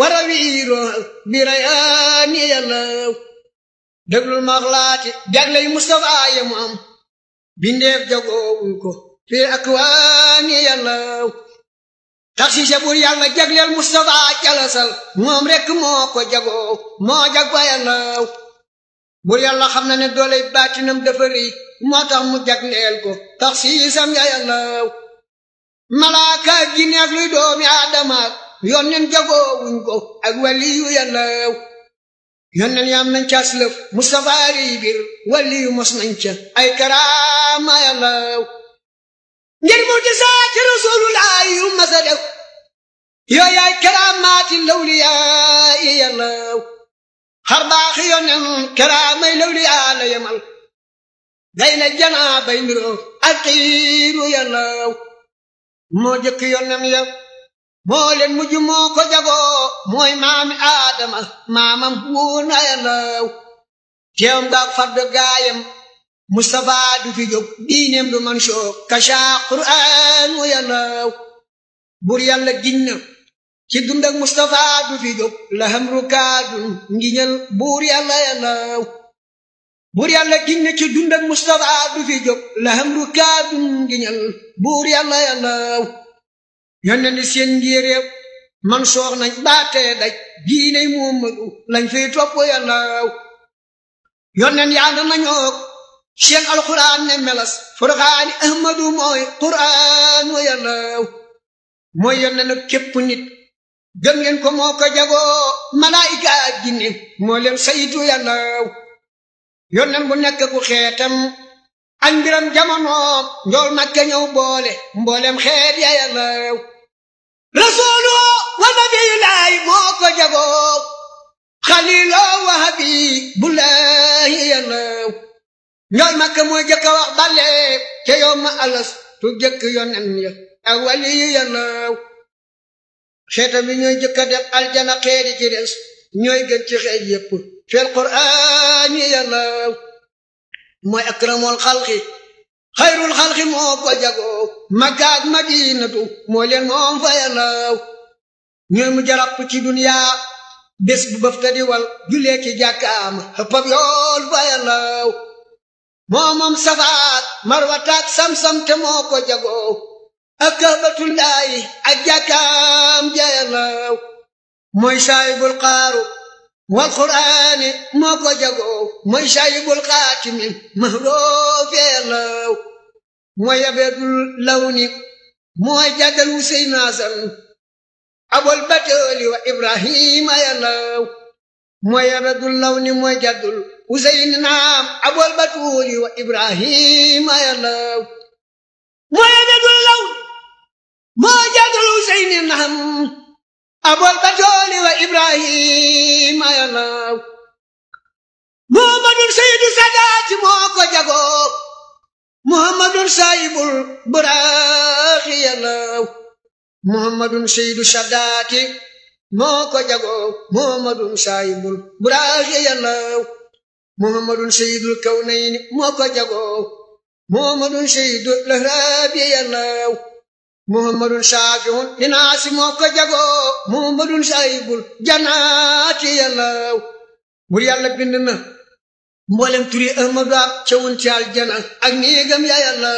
warawiiro bi rayaani yalaw déglul maxlaati jagle yu Mustafa bindeef jagoowul ko fii ak waani yàllaw taxsise bur yàlla jagleel Mustafa calasal moom rekk moo ko jagoow moo jag ba yàllaw bur yàlla xam na ne dooley baatinam dafa moo tax mu jagleel ko taxsisam ya yàllaw malaaka ak jinne ak luy doomi aadama ak jagoowuñ ko ak waliyu yàllaw yónneen yaam nañ ca aslëf Mustafa yi biir wàlli yu mos nañ ay karaama yàlla ngir mu di saati rasulullah yu mas a def yooyu ay karaamaati lawliyaa yi yàlla xar karaamay lawliyaa la yemal day na janaa bay mbiroo ak xiiru yàlla moo jëkk yónneen ya moo leen mujj moo ko jagoo mooy maami aadama maamam wóor na law teewam gaak fardu gaayam du fi jóg diineem du man soo kasha qur'aan wu yalaw bur yàlla giñ na ci dund ak Mustafa du fi jóg la hamru kaadun ngiñal buur yàlla yalaw buur yónnee seen njéeréer man soox nañ baatee daj diiney muhammadu lañ fiy topp yàlla yónneen yàgg nañoo seen alxuraan ne melas furxaani ahmadu mooy quraan wa yàlla mooy yónneen képp nit gëm ngeen ko moo ko jagoo malaayika ak jinne moo leen saytu yàlla yónneen bu nekk ku xeetam ak mbiram jamono njool nakke ñëw boole mboolem xeet ya yàlla rasuulu wa nabiyulaahi moo ko jagoo xaliilo wa habiibullaahi yanaaw njool makka mooy jëkk wax bale te yow ma alas tu jëkk yonen ya ak waliyu yanaaw xeetam bi ñooy jëkk def aljana xeeri ci des ñooy gën ci xeet yépp fil quraan yanaaw mooy akramool xalqi xayrul xalqi moo ko jagoo makka ak madinatu moo fa yàllaaw ñooy mu jarap ci duniyaa bés bu bëf tadi wal julee ci jàkkaam xëppab yool fa yàllaaw moo moom safaat marwataak sam-sam te moo ko jagoo ak kaabatul laayi ak jàkkaam ja yàllaaw mooy saayibul xaaru wal quraani moo ko jagoo mooy saayibul xaatimi mahroo fi yàllaaw mooy yabeetul lawni mooy jaddal Huseyn Hasan abol batooli wa ibrahima yalaw mooy yabeetul lawni mooy jaddul Huseyn naam abol batooli wa ibrahima yalaw mooy yabeetul lawni mooy jaddal Huseyn naam abol batooli wa ibrahima yalaw moo badul sayyidu sadaati moo ko jagoo muhammadun saayibul buraaxi yallaaw muhammadun seydu sadaati moo ko jagoo muhammadun saayibul buraaxi yallaaw muhammadun seydul kawnayni moo ko jagoo muhammadun seydul lahraabi yallaaw muhammadun saafihun linaasi moo ko jagoo muhammadun saayibul janaati yallaaw bur yàlla bind na mboolem turi Ahmadu ab cawun ci aljana ak néegam ya yàlla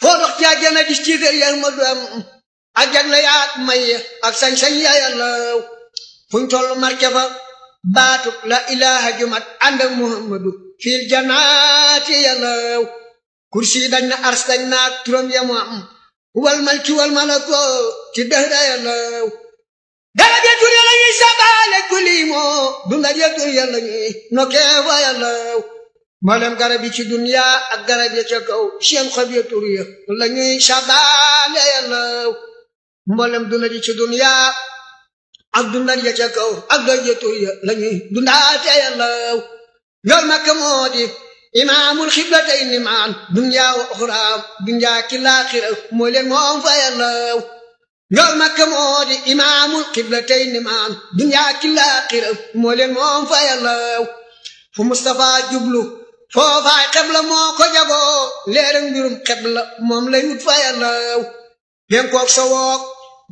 foo dox ci aljana gis ci kër ya Ahmadu am ak jagle ya ak may ak sañ-sañ ya yàlla fuñ toll marke fa baatu la ilaha jumat ànd ak Muhammadu fil janaati yàlla kursi dañ na ars dañ na turam ya mu am wal malki wal malako ci dëhra yàlla daraja tur yàlla ñuy sagaale julli moo dundariya tur yàlla ñuy nokkee fa ci ak garab ya ca kaw seen xob ya tur ya la ñuy sagaale yàlla ya ca kaw ak doj ya tur ya la ñuy dundaate yàlla loolu nag moo di imaamul xiblatayni maan dunya wa uxraa dunya ki laaxira mooy leen moom fa yàlla njool makka moo di imaamul qiblatayni maam dunyaa ki laaxira moo moom fa yàllaw fu Mustafa jublu foofaay xebla moo ko jagoo leere mbirum xebla moom lay wut fa yàllaw penkook sowook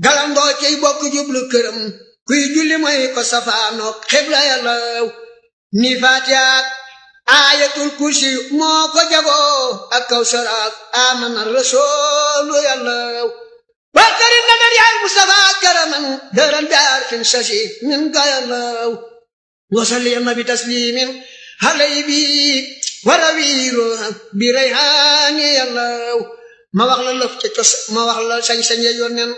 galandoo ciy bokk jublu këram kuy julli mooy ko safaanook xebla yàllaw ni faatiyaak aayatul kursi moo ko jagoo ak kawsaraak aamana rasuulu yàllaw واغفر لمن يا المصطفى كرما دارا بعرف ششيد من قيمه وسلم بتسليم علي بي وروي بريحاني الله ma wax la lëf ma wax la sañ-sañ ya yónneen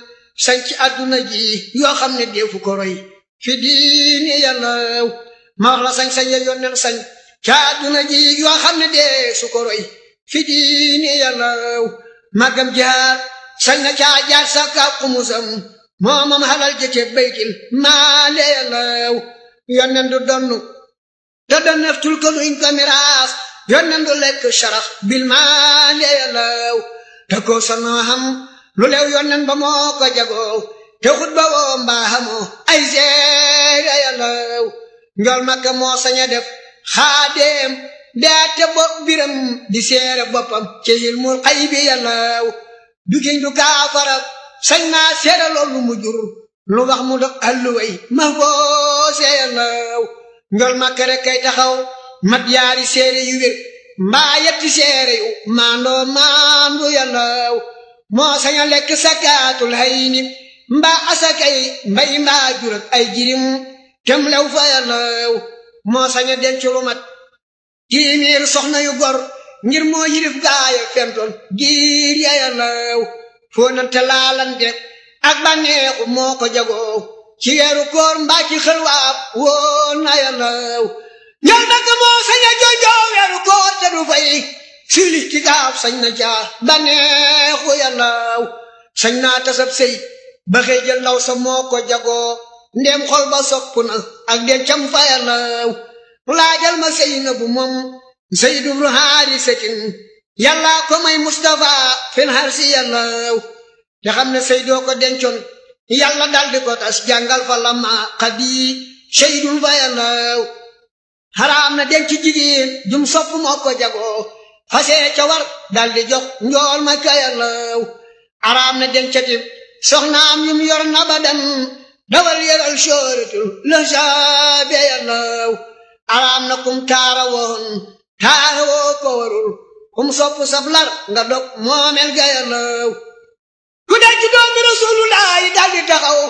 sañ ci àdduna ji yoo xam ne deefu fi diini yàllaw ma wax la sañ-sañ ya yoo xam ne deesu sañ na caa jaar sa kaw xumusam moo moom xalal jëcee baytil maaleelaw yonnen du donn te donneftul ko luñ miraas yonnen du lekk sharax bil maaleelaw te koo sanoo xam lu leew yonnen ba moo ko jagoo te xut ba woo mbaa xamoo ay seeyalaw njol makka moo saña def xaadeem daa te bopp biram di seere boppam ci ilmul xay bi yalaw du géñ du kaafara sañ naa seera loolu mu jur lu wax mu dog alluway ma foo seelaw njol ma kere kay taxaw mat yaari seere yu wér mbaa yetti seere yu maandoo maandu yàllaw moo sañ lekk sakaatul hayni mbaa asakay mbay mbaa jurak ay jirim tem lew fa yàllaw moo sañ a denc lu mat soxna yu gor ngir moo yirif gaaya fentoon giir yaya naaw foonante laalante ak bànneexu moo ko jagoo ci weeru koor mbaa ci xëlwaab woon naya naaw ñëw nag moo sañ joojoo weeru koor te du fay fili ci gaaf sañ na caa bànneexu ya naaw sañ naa tasab sëy ba xëy law sa moo ko jagoo ndem xol ba sopp na ak den cam faya laajal ma sëy na bu moom زيد بن حارثة yàlla ko may Moustapha fin xar si yàllaw te xam ne Seydoo ko dencoon yàlla dal ko tas jàngal fa lama xabii Seydul fa yàllaw xaraam na denc jigéen jum sopp moo jagoo fasee ca war dal jox njool ma ka yàllaw xaraam na dencati soxnaam yum yor na badan dawal yeral sóoratul la saabe yàllaw xaraam na kum taara woon taana woo ko warul kum sopp saflar nga dog moomel gayalaw ku denc doomi rasulullaahi daldi taxaw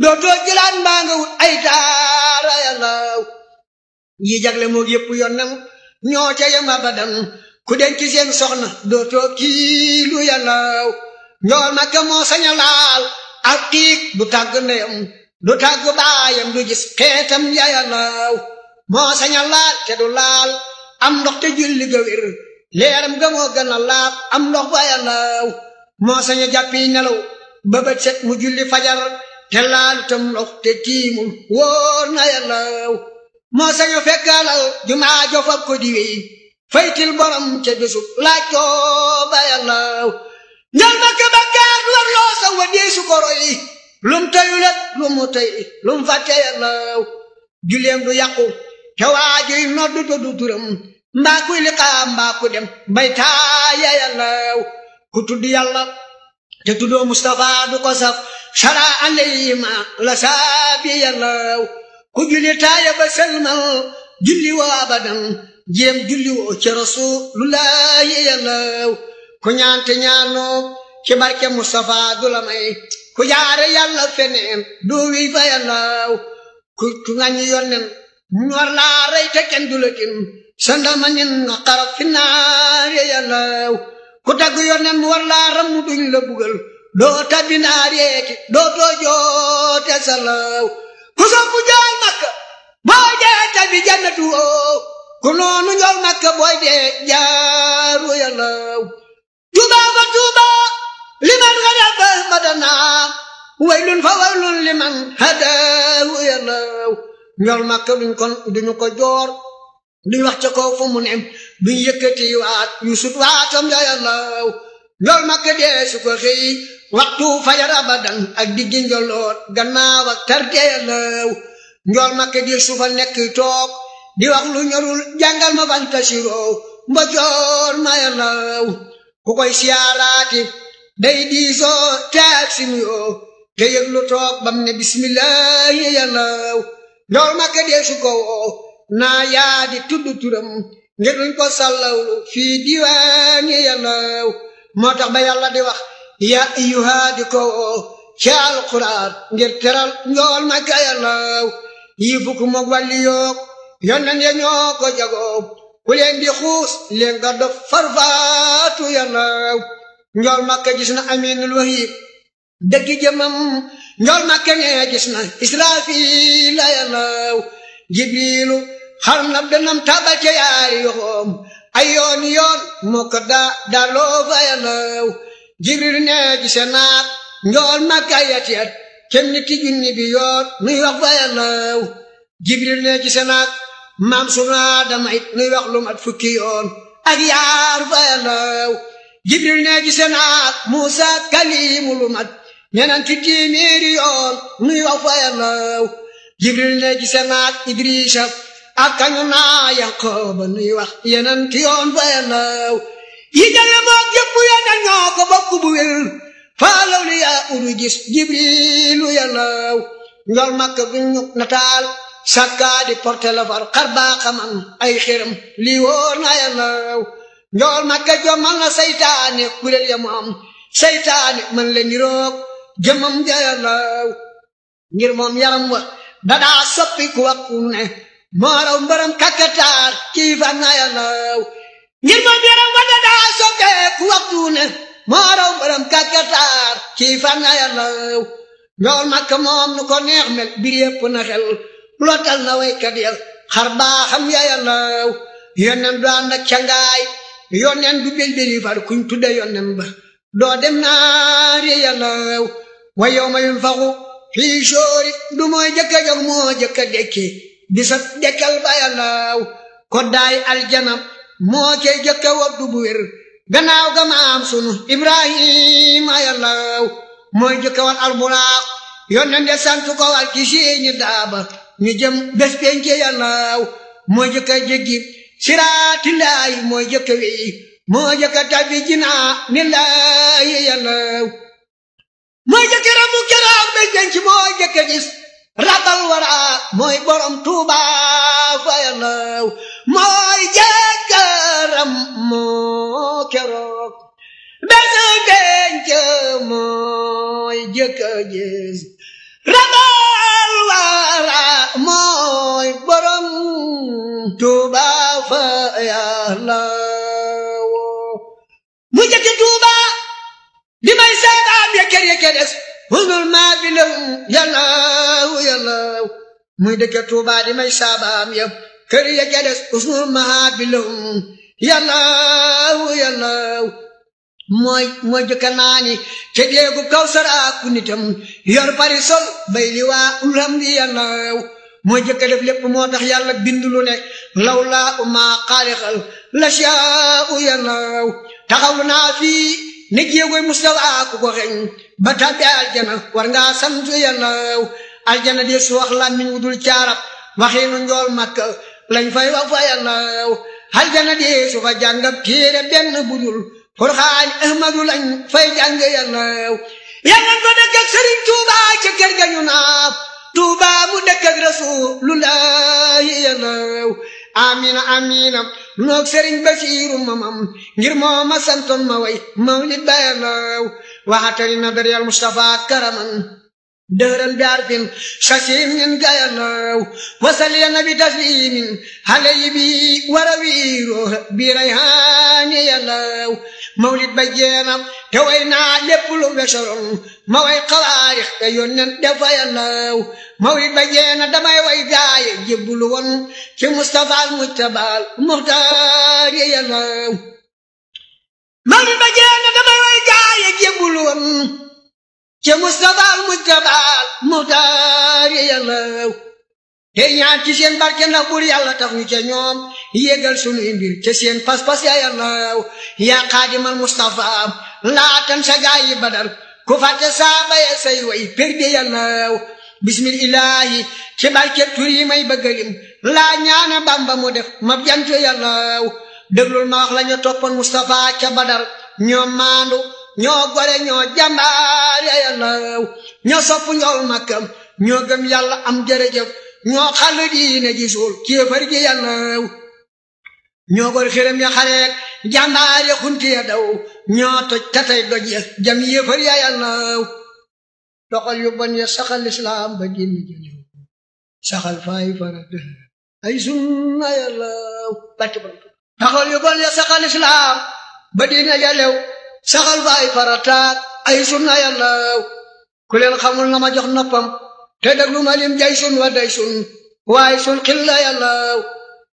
dootoo jëlaat mbaa nga wut ay taara yalaw yi jagle moog yépp yonnam ñoo ca yem abadan ku denc seen soxna dootoo kiilu yalaw njool makka moo saña laal ak du tàgg ndeyam du tàgg baayam du gis xeetam yayalaw moo saña te du laal am ndox te julli ga wér leeram ga moo gën a am ndox ba yàllaaw moo sañ a jàppi nelaw ba mu julli fajar te laalu tam ndox te tiimul wóor na yàllaaw moo sañ a fekkaalal jumaa jofab ko diwe faytil borom ca bisub laaj ko ba yàllaaw njal makk bakkaar war loo sa wa deesu koro yi lum tayulet lu mu tey lum fàtte yàllaaw julleem du yàqu te waajuy noddu te du turam mbaa kuy liqaam mbaa ku dem bay taaya yàllaw ku tudd yàlla te tuddoo Mustafa du ko saf sara alayhima la saabi yàllaw ku julli taaya ba selmal julli woo abadan jéem julli woo ci rasulullahi yàllaw ku ñaante ñaanoo ci barke Mustafa du la may ku jaare yàlla feneen du wiy fa yàllaw ku ku ngañ yonnen ñor laa rey kenn du la kim sa ndama nga xarab fi naar ye yàllaw ku tagg yonen mu war laa ram mu duñ la bugal doo tabbi naar yeeki doo too joote salaw ku soobu jool makka boo jee tabbi jannatu oo ku noonu njool makka booy jee jaaru yàllaw tuubaa ba tuubaa liman xaraba madana waylun fa waylun liman hadahu yàllaw ñool màkka duñ kon duñu ko joor duñ wax ca kaw fu mu ne duñ yëkkati waat yu sut waatam ya yàllaw ñool màkka dee su waxtu fajar abadan ak diggi njoloot gannaaw ak tarte yàllaw ñool màkka di su fa nekk toog di wax lu ñorul jàngal ma fantasiroo mba joor ma yàllaw ku koy siyaaraati day diisoo taag sim yoo te yëg bam ne bismillaahi yàllaw loolu màgga dee su ko woo naa yaa di turam ngir duñ ko sàllawlu fii diwaani yàllaw moo tax ba yàlla di wax ya ayyuhaa di ko woo ca alquraan ngir teral njool màgga yàllaw yii fukk moog wàlli yoog yon nan ya di xuus leen nga dof farfaatu yàllaw njool màkka gis na aminul wahib dëggi jëmam njol makke nee gis na israfila yalaw jibrilu xar na benam tabal ca yaari yoxoom ay yoon yoon moo ko da daloo fa yalaw jibrilu nee gise naat njol makke yatiet kem ni ti junni bi yoon nuy wax fa yalaw jibrilu nee gise naat maam sunu Adama it nuy wax lu mat fukki yoon ak yaar fa yalaw jibrilu nee gise naat Muusa kaliimu lu mat ñenenti téeméeri yoon nuy wax fa yàllaw jibril ne ci semaat idrisa ak kañu naa yanqooba nuy wax yenenti yoon fa yàllaw yi jale moo jëpp yene ñoo ko bokk bu wér faalaw li yaa uru gis jibrilu yàllaw njol màkk guñ ñu nataal sakkaa di porte far xar baa xamam ay xiram lii wóor na yàllaw njool màkk jommal na saytaane kuréel ya mu am saytaane man la niroog jëmam jalaw ngir moom yaram wa dadaa soppi ku waxu moo raw mbërëm kakataar kii fan ngir moom yaram wa dadaa soppe ku waxu moo raw mbërëm kakataar kii fan na yalaw makka moom nu ko neex mel bir na xel lotal na waykat ya xar baaxam ya yalaw yónneen du ànd ak cangaay yónneen du bilbili far kuñ tudde yónneen ba doo dem naari wa yawma yunfaxu fii sóori du mooy jëkka jóg moo jëkka dekki di sa dekkal bayalaaw ko daay aljana moo cey jëkka wabdu bu wér gannaaw ga maam sunu mooy jëkka wal alburaaq yónnente sant ko wal ci siiñi daaba ñu jëm bés penke mooy jëkka jéggi siraati mooy jëkka weyi moo jëkka tabbi jinaa ni laayi mooy jëkkëram bu keroog be denc mooy jëkk gis rabal wara mooy borom tuuba fayanaw mooy jëkkëram moo keroog benn denc mooy jëkk gis rabal wara mooy borom tuuba fayanaw mu jëkk tuuba bi may seetaan yekkee yekkee des xulul maa bi law yallaahu yallaahu muy dëkke Tuubaa di may saabaam yow kër yekkee des xulul maa bi law yallaahu yallaahu mooy mooy jëkka naani ca déegu kawsar ak nitam yor pari sol bay li waa ulam bi yallaahu mooy jëkka def moo tax yàlla bind lu ne law laa uma xaalixal la shaa'u yallaahu taxawlu naa fii ni jéegoy Mustafa ku ko xeñ ba tàbbi aljana war ngaa santu yàllaw aljana di su wax làmmiñ wu dul caarab waxiinu njool màkk lañ fay wax fa yàllaw aljana di su fa jàngab téere benn budul xurxaani ahmadu lañ fay jàng yàllaw yàlla ko dëkk ak sëriñ Tuuba ca kër ga ñu naaf Tuuba mu dëkk ak rasuulullaahi yàllaw amina amina noog sëriñ basiiru mamam ngir moo ma santoon ma way mawlid bayalaw waxatari na dariyal mustafa karaman dëran jaar fin sasim min gayanaaw wasalena bi taslimin halay bi wara bi rayhaani yanaaw mawlid ba jeenam te way naa lépp lu ma way xawaarix te yónnen defa yanaaw mawlid ba jeena damay way gaaye jébbulu won ci mustafaal mujtabaal muxtaar yanaaw ci mustafaal mujtabaal muxtaari yàllaw te ñaan ci seen barke na bur yàlla tax ñu ca ñoom yégal sunuy mbir ca seen pas-pas ya yàllaw yaa xaadimal mustafaa laatan sa gaa yi badar ku fàtte saaba ya say way perde yàllaw bismillaahi ci barke tur yi may bëggalim laa ñaana bamba mu def mab janto yàllaw déglul ma wax la ñu toppoon mustafaa ca badar ñoom maandu ñoo gore ñoo jàmbaar ya law ñoo sopp njool makkam ñoo gëm yàlla am jërëjëf ñoo xàll diine ji suul kéefar gi ya law ñoo gor xërëm ya xareek jàmbaar ya xunti ya daw ñoo toj tatay doj ya jam yéefar ya ya law yu bon ya saxal islaam ba génn jëlew saxal saxal ba ay farataak ay sunna yàlla ku leen xamul na ma jox noppam te déglu ma lim jay sun wa day sun waaye sun xil la yàlla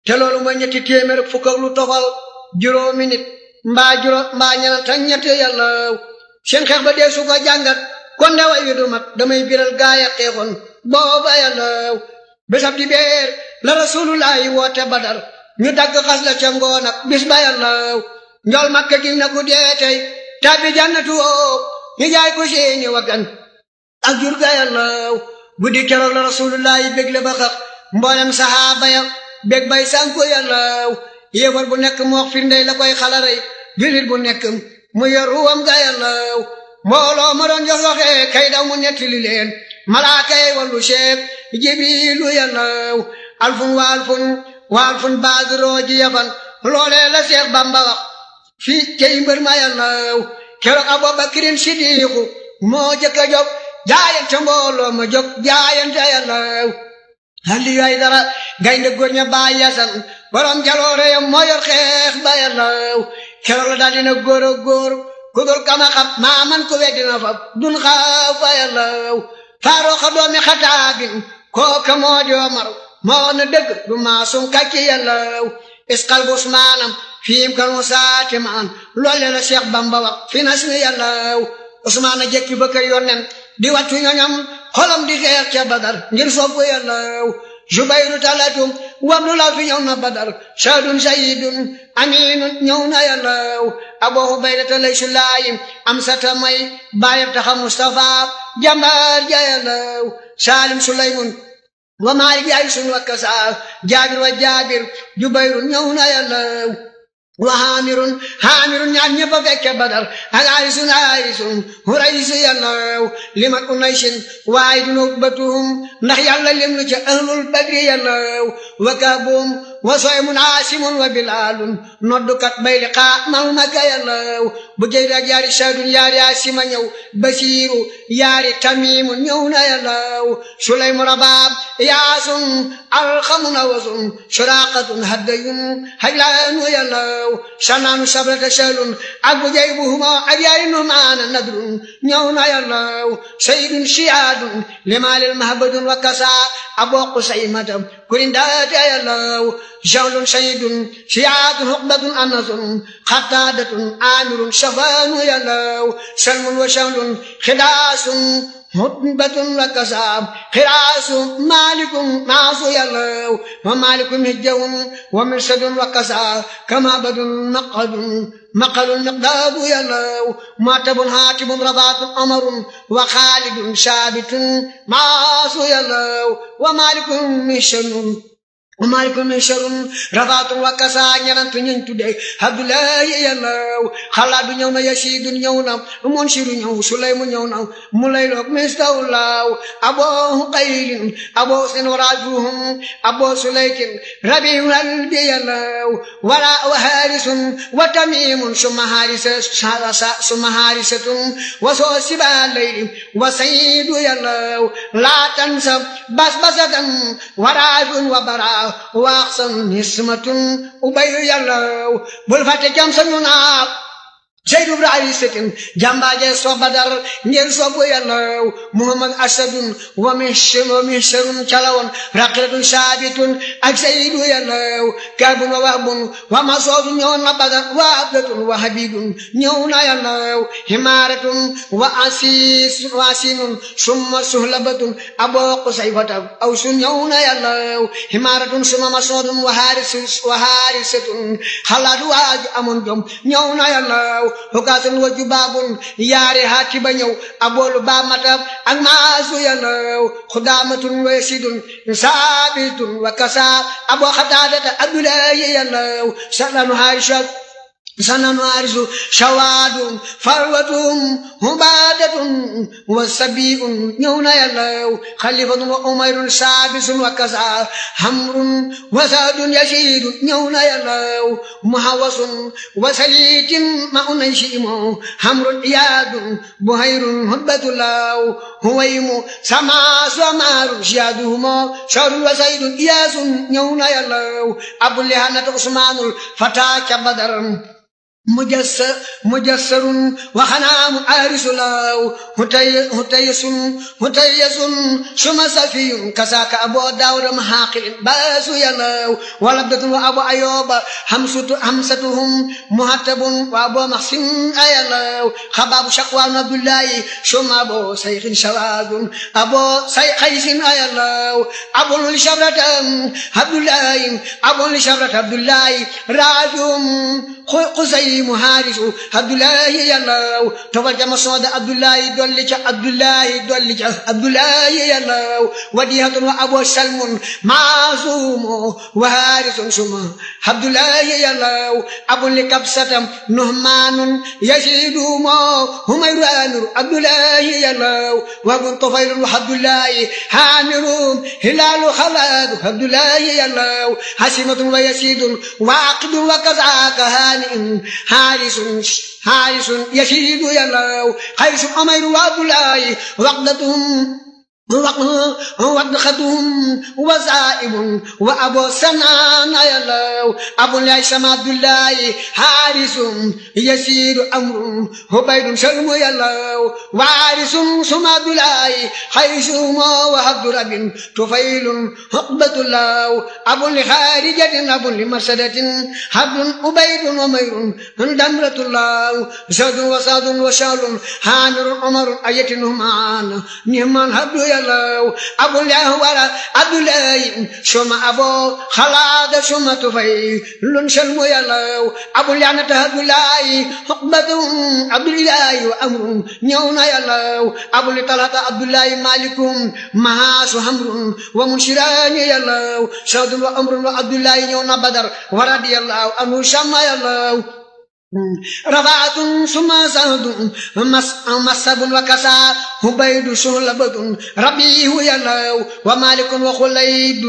te loolu mooy ñetti téeméer fukk ak lu tofal juróomi nit mbaa juróom mbaa ñeneen tan ñetti yàlla seen xeex ba dee su jàngat kon de way wi du mat damay biral gaaya xeexoon booba yàlla bésab di beer la rasulullaahi woote badar ñu dagg xas la ca ngoon bis ba yàlla njol makka gi na ku dee tey tàbbi jannatu woo mi jaay ko seeni waggan ak jur ga yàllaw guddi keroog la rasulullahi bég la ba xax mboolem sahaaba ya bég bay sànko yàllaw yéefar bu nekk moox firndey la koy xalaray jullit bu nekk mu yor ruwam ga yàllaw mbooloo ma doon jox loxe kay daw mu nettali leen malaaka yi wallu ceeb jibriilu yàllaw alfun alfun wa alfun baaduroo ji yafan loolee la Seex Bamba wax fii cey mbër ma yàllaw keroog Abubakarin Sidiiku moo jëkk a jóg jaayante mbooloo ma jóg jaayante yàllaw Aliyu Aydara gaynde góor ña baa yasal borom jaloore ya moo xeex ba yàllaw keroog la daal dina góor a kama xam maa man ko weddi fa dun xaaf ba yàllaw Faaruqa doomi Xataabin kooka moo di Omar moo na dëgg du maasum kàcc yàllaw isqal busmaanam fiim kan wusaati loole la Seex Bamba fi nas ni yàllaaw usmaana jëkki ba di wattu ñoñam xolam di xeex ca badar ngir sopp yàllaaw jubayru talatum wabdu laa fi ñëw badar saadun sayidun aminun ñëw na abu hubayrata lay si laayim may baayab taxa mustafa jambaar ja yàllaaw sulaymun wa maalik yaay sun wa kasaaf jaabir wa jaabir jubayrun ñëw na yàllaw wa haamirun haamirun ñaar ñëpp a fekke badar ak aarisun aarisun huraysu yàllaw liman unaysin waay dunoo batuhum ndax yàlla lim nu ca ahlul badri yàllaw wa kaabum وصيم عاسم وبلال نودكت بيلقاء نلمك يلو بجير جاري سعد ياري عاسم نيو بشير ياري تميم نيونا يلو سليم رباب ياس الخم نوز شراقة هدي هيلان يلو سنان سبرة سهل أبو جيبهما أريان مان ندر نيونا يلو سيد شياد لمال المهبد وكسا أبو قسيمة وإمداد يا الله جول شيد شيعات حقبة أنس قتادة آمر شفان يا الله سلم وشول خلاص hutbatun wa kasaab xiraasu maalikum maasu yalaw wa maalikum hijjawun wa mirsadun wa kasaab kamaabadun maqadun maqalun miqdaadu yalaw mu'tabun haatibun rabaatun amarun wa xaalidun saabitun maasu yalaw wa maalikum mishanun ومالك المشر رفعت وكسا نيران تنين تدي عبد الله ينو خلاد نيونا يشيد نيونا منشر نيو سليم نيونا مولاي لوك مستولاو ابو قيل ابو سنورافهم ابو سليك ربيع البينو ولا وهارس وتميم ثم هارس ثم هارسة وصوصب الليل وسيد ينو لا تنسى بسبسة وراج وبراه waax san nismatun ubayyu yàllaw bul fàtte jam sañu naal Seydu Ibrahima Sekin jàmbaajee so Badar ngeen so bu Muhammad Asadun wa mihsin wa mihsarun calawoon ak Seydu yàlla yow wa wahbun wa masoofun ñëw na Badar wa abdatun wa habibun ñëw na yàlla yow wa asis summa suhlabatun abo qusay aw su ñëw na summa masoodun wa haarisatun xalaat waa amoon jom ñëw na yàlla hukaasun wa jubaabun yaari haati ba ñëw aboolu baa matab ak maasu yanaw xudaamatun wa yasidun saabitun wa kasaa aboo xataadata abdulaayi yanaw salanu hayshat سنمارس شواد فروة هبادة وسبيء نون يلو خلفة وأمير سابس وكسا همر وساد يشيد نون يلو مهوس وسليت ما أنشئم همر إياد بهير هبة لو هويم سما سمار شيادهما شر وسيد إياس نون يلو أبو لهنة عثمان الفتاة بدر مجسر مجسر وخنام عارس له متيس متيس شم سفير كساك أبو داود محاقل باس يناو ولبدة وأبو أيوب همستهم مهتب وأبو محسن أيناو خباب شقوان عبد الله شم أبو سيخ شواد أبو سيخيس أيناو أبو لشبرة عبد الله أبو لشبرة عبد الله راجم xusaymu haarisu abdullahi yàlla raw tofal ca masooda abdullahi dolli ca abdullahi dolli ca abdullahi yàlla raw wadiyatun wa abo salmun maasuumo wa haarisun suma abdullahi yàlla raw abun li kabsatam nuhmaanun yasidumo humayranur abdullahi yàlla raw wagun tofaylun wa abdullahi haamirum hilaalu xalaadu abdullahi yàlla raw hasimatun wa yasidun waaqidun wa kazaaka ثاني حارس حارس يشيد يلو حيث أمر وأبلاي وقدتهم وادختهم وزائب وابو سنان يلو ابو العشم عبد الله حارس يسير امر هبيد شرم يلو وارث سم عبد الله حيث ما وعبد رب طفيل حقبة الله ابو لخارجة ابو لمرسدة حبل عبيد ومير دمرة الله زاد وساد وشال حامر عمر ايتهما نهمان حبل لو أبو الأهول أبو الأيم شما أبو خلاد شما تفي لنشن ويلو أبو العنة أبو الأي حقبة عبد الله وأمر نيونا يلو أبو الطلحة عبد الله مالكم مهاس وحمر ومنشران يلو سود وأمر وعبد الله نيونا بدر ورضي الله عنه شما يلو رضعة ثم سعد مصب وكسى هبيد شهلبد ربي هو يلو ومالك وخليد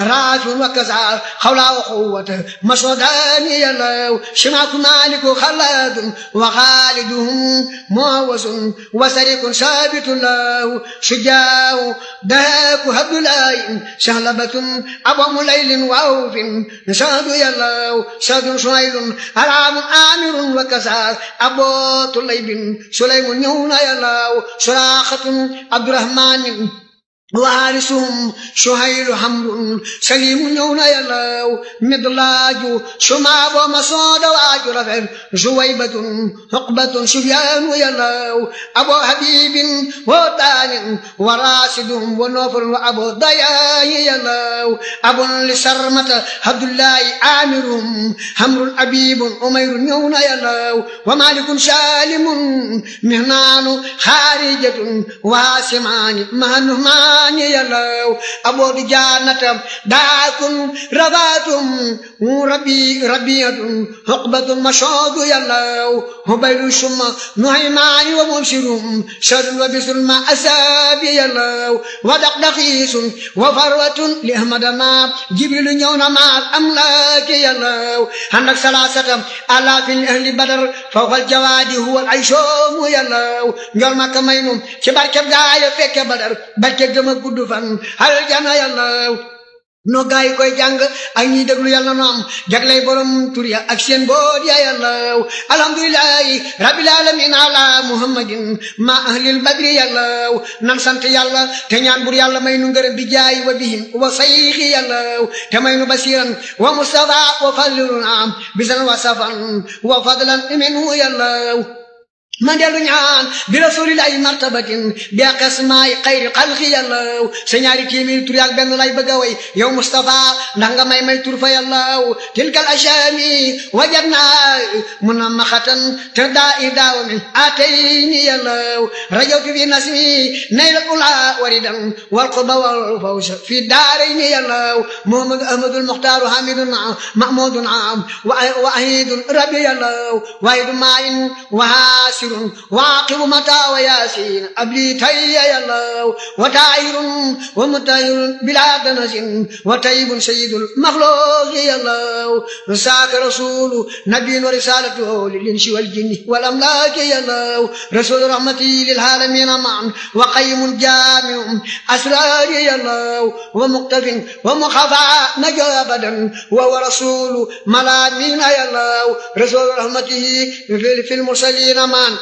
راج وكسى خولا وقوة مسودان يلو شماك مالك خلاد وخالدهم موس وسريك ثابت له شجاع دهاك هبد لاي شهلبة أبو ليل وأوف شهد يلو شهد شهيل ألعاب آل amirun wa kasaas abootu laybin suleymu ñëw na yalaaw suraaxatun abdurahmaanin وارسهم شهيل حمد سليم يون يلاو مدلاج شمع ومصاد واج رفع جويبة عقبة سفيان يلاو أبو حبيب ودان وراسد ونوفر وأبو ضياء يلاو أبو لسرمة عبد الله آمرهم حمر أبيب أمير يون يلاو ومالك سالم مهنان خارجة واسمان مهنهمان الرحمن يلو أبود جانة داكم رضاتم ربي ربية عقبة مشاض يلو هبيل شم نعمان ومبشر شر وبسر ما أسابي يلو ودقدقيس وفروة لأحمد ما جبل يوم مع الأملاك يلو عندك ثلاثة آلاف أهل بدر فوق الجواد هو العيشوم يلو نجول ما كمينم كبار كبار فيك بدر بل كبار ma gudd fan aljana yàlla no gaay koy jàng ak ñi déglu yàlla no am jaglay borom tur ya ak seen boot ya yàlla alhamdulillahi rabbil alamin ala muhammadin ma ahlil badri yàlla nan sant yàlla te ñaan bur yàlla may nu ngërëm bi jaay wa bihim wa sayxi yàlla te may nu basiran wa mustafa wa fadlun am bisan wa safan wa fadlan minhu yàlla ma dellu ñaan bi rasulillahi martabatin bi aqasmaay xayri xalqi yàllaw sa ñaari téeméeri tur yaak benn lay bëgg a way yow Moustapha ndax nga may may tur fa yàllaw tilkal ashami wajan naa mun na maxatan te daa i daaw min atay ni yàllaw rajawtu fi nasmi naylal ula waridan wal qurba wal fawsa fi daaray ni yàllaw mohamad ahmadul muxtaaru hamidun mahmudun am wa ahidun rabi yàllaw wahidu maayin wahaasi ناصر واقب متى وياسين أبليتي يا الله وتعير ومتير بلا دنس وتيب سيد المخلوق يا الله رساك رسول نبي ورسالته للإنس والجن والأملاك يا الله رسول رحمتي للعالمين معا وقيم جامع أسرار يا الله ومقتف ومخفى نجا أبدا وهو رسول ملامين يا الله رسول رحمته في المرسلين معا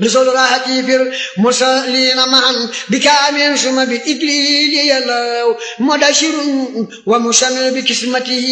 بصدر هتيفر مسلين معا بكامل ثم بإدليل يلو مدشر ومسمر بكسمته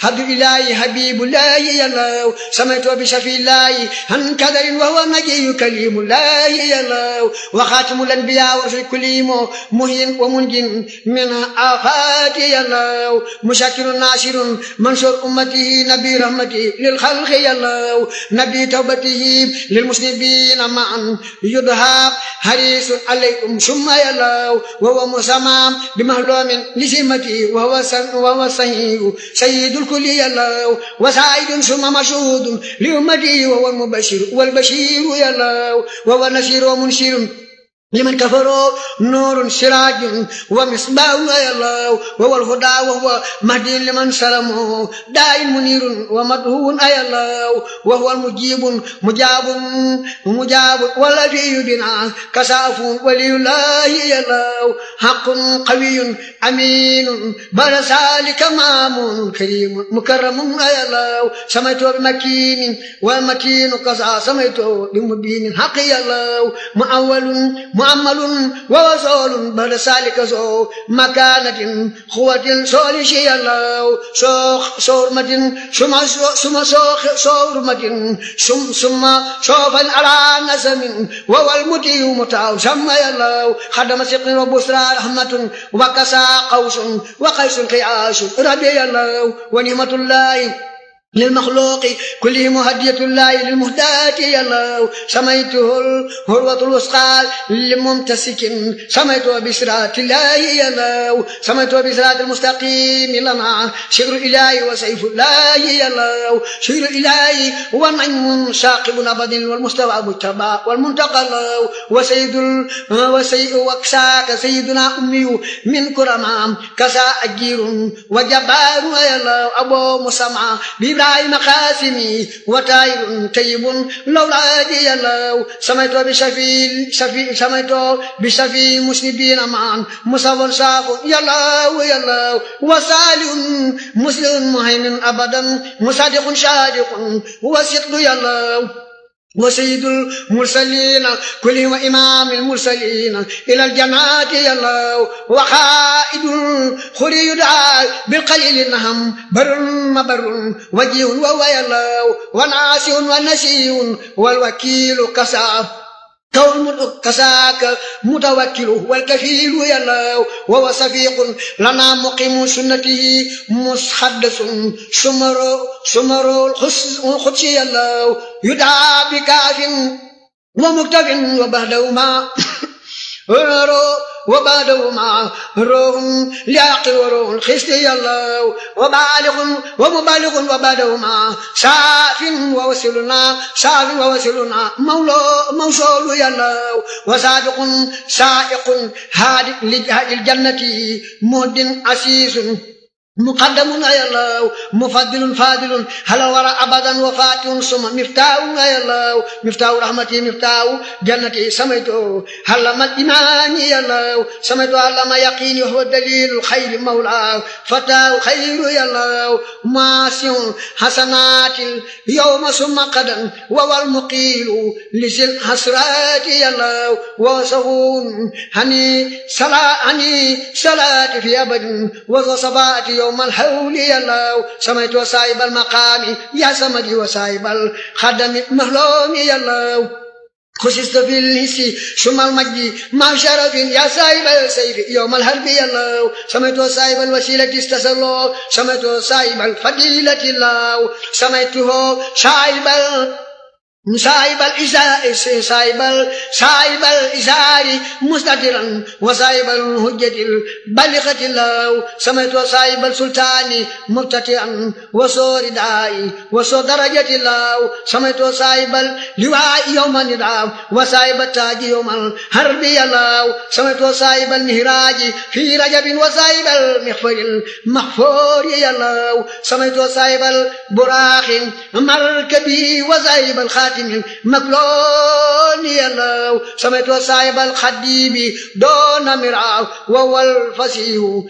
هد إلهي حبيب الله يلو سمعت بشفي الله عن كدر وهو نجي كليم الله يلو وخاتم الأنبياء ورسل كليم مهين ومنجن من آفات يلو مشكر ناصر منصور أمته نبي رحمته للخلق يلو نبي توبته للمسلمين مع معا يدهاب حريص عليكم ثم يلاو وهو مسمام بمهلوم لسمتي وهو سن وهو سيد سيد الكل يلاو وسعيد ثم مشهود لأمتي وهو المبشر والبشير يلاو وهو نشير ومنشر لمن كفروا نور سراج ومصباح الله وهو الهدى وهو مهدي لمن سلموا داع منير ومدهون أي الله وهو المجيب مجاب مجاب والذي يدنا كساف ولي الله يا الله حق قوي أمين بل ذلك مام كريم مكرم أي الله سميته بمكين والمكين قصى سميته بمبين حق يا الله مؤول معمل ووصول بل سالك سو مكانة خوة صول شي الله سوخ صورمة ثم ثم سوخ صورمة ثم ثم شوفا على نسم وهو المتي متاو سمى الله خدم سقن وبسرى رحمة وكسى قوس وقيس قياس ربي الله ونعمة الله للمخلوق كلهم هدية الله للمهداة يلو سميته الهروة الوسقى لممتسك سميته بسرات الله يلو سميته بسرات المستقيم لنا شكر إلهي وسيف الله يلو شكر إلهي ونعم ساقب أبد والمستوى مجتبى والمنتقى وسيد وسيد وكساك سيدنا أمي من كرمام كسا أجير وجبار يلو أبو مسمع ibrahima xaasimi wa taayibun tayyibun lawlaa jiyalaw samaytoo bi safi safi samaytoo bi safi muslibiina maan musawon saafun yalaw yalaw wa saalihun muslimun muhaymin abadan musaddiqun saadiqun wa sidqu yalaw وسيد المرسلين كل وإمام المرسلين إلى الجنات يلو وقائد خري يدعى بالقليل نهم بر مبر وجيه وهو يلو وناسي ونسي والوكيل كساف كون كساك متوكل هو الكفيل يلاه وهو صفيق لنا مقيم سنته مستحدث سمر سمر القدس يلاه يدعى بكاف ومكتب وبهدوما وبعدهما روح لعقل وروح خزي الله وبالغ ومبالغ وبعدهما ساف ووسلنا ساف ووسلنا مولى موصول يا الله وصادق سائق هادئ للجنة مهد عسيس muqaddamun ayalaw mufaddilun fadilun hala wara abadan wa fatihun suma miftaahun ayalaw miftaahu rahmati miftaahu jannati samaytu allama imaani ayalaw samaytu allama yaqini huwa dalilu xayri mawlaahu fataahu xayru ayalaw maasihun hasanatil yowma suma qadan wawal muqiilu lisil hasraati ayalaw wasahun hani sala hani salaati fi abadin wa sabaati yow man xawli yàllaaw samaytu wa saayibal maqaami yaa samadi wa saayibal xaddami mahloomi yàllaaw خسست في النسي ثم المجد مع شرف يا صاحب السيف يوم الحرب يا الله سمعت صاحب الوسيلة استسلوا سمعت صاحب الفضيلة الله سمعته صاحب صاحب الإزاء صاحب صاحب الإزار مستترا وصاحب الهجة البالغة الله سمعت وصاحب السلطان مبتدئا وصور داعي وصور درجة الله سمعت وصاحب اللواء يوم النداء وصاحب التاج يوم الحرب الله سمعت وصاحب المهراج في رجب وصاحب المخفر المحفور الله سمعت وصاحب البراق مركبي وصاحب الخاتم حاتم مكلون يلو سمعت صاحب الخديب دون مرعاو وهو الفصيح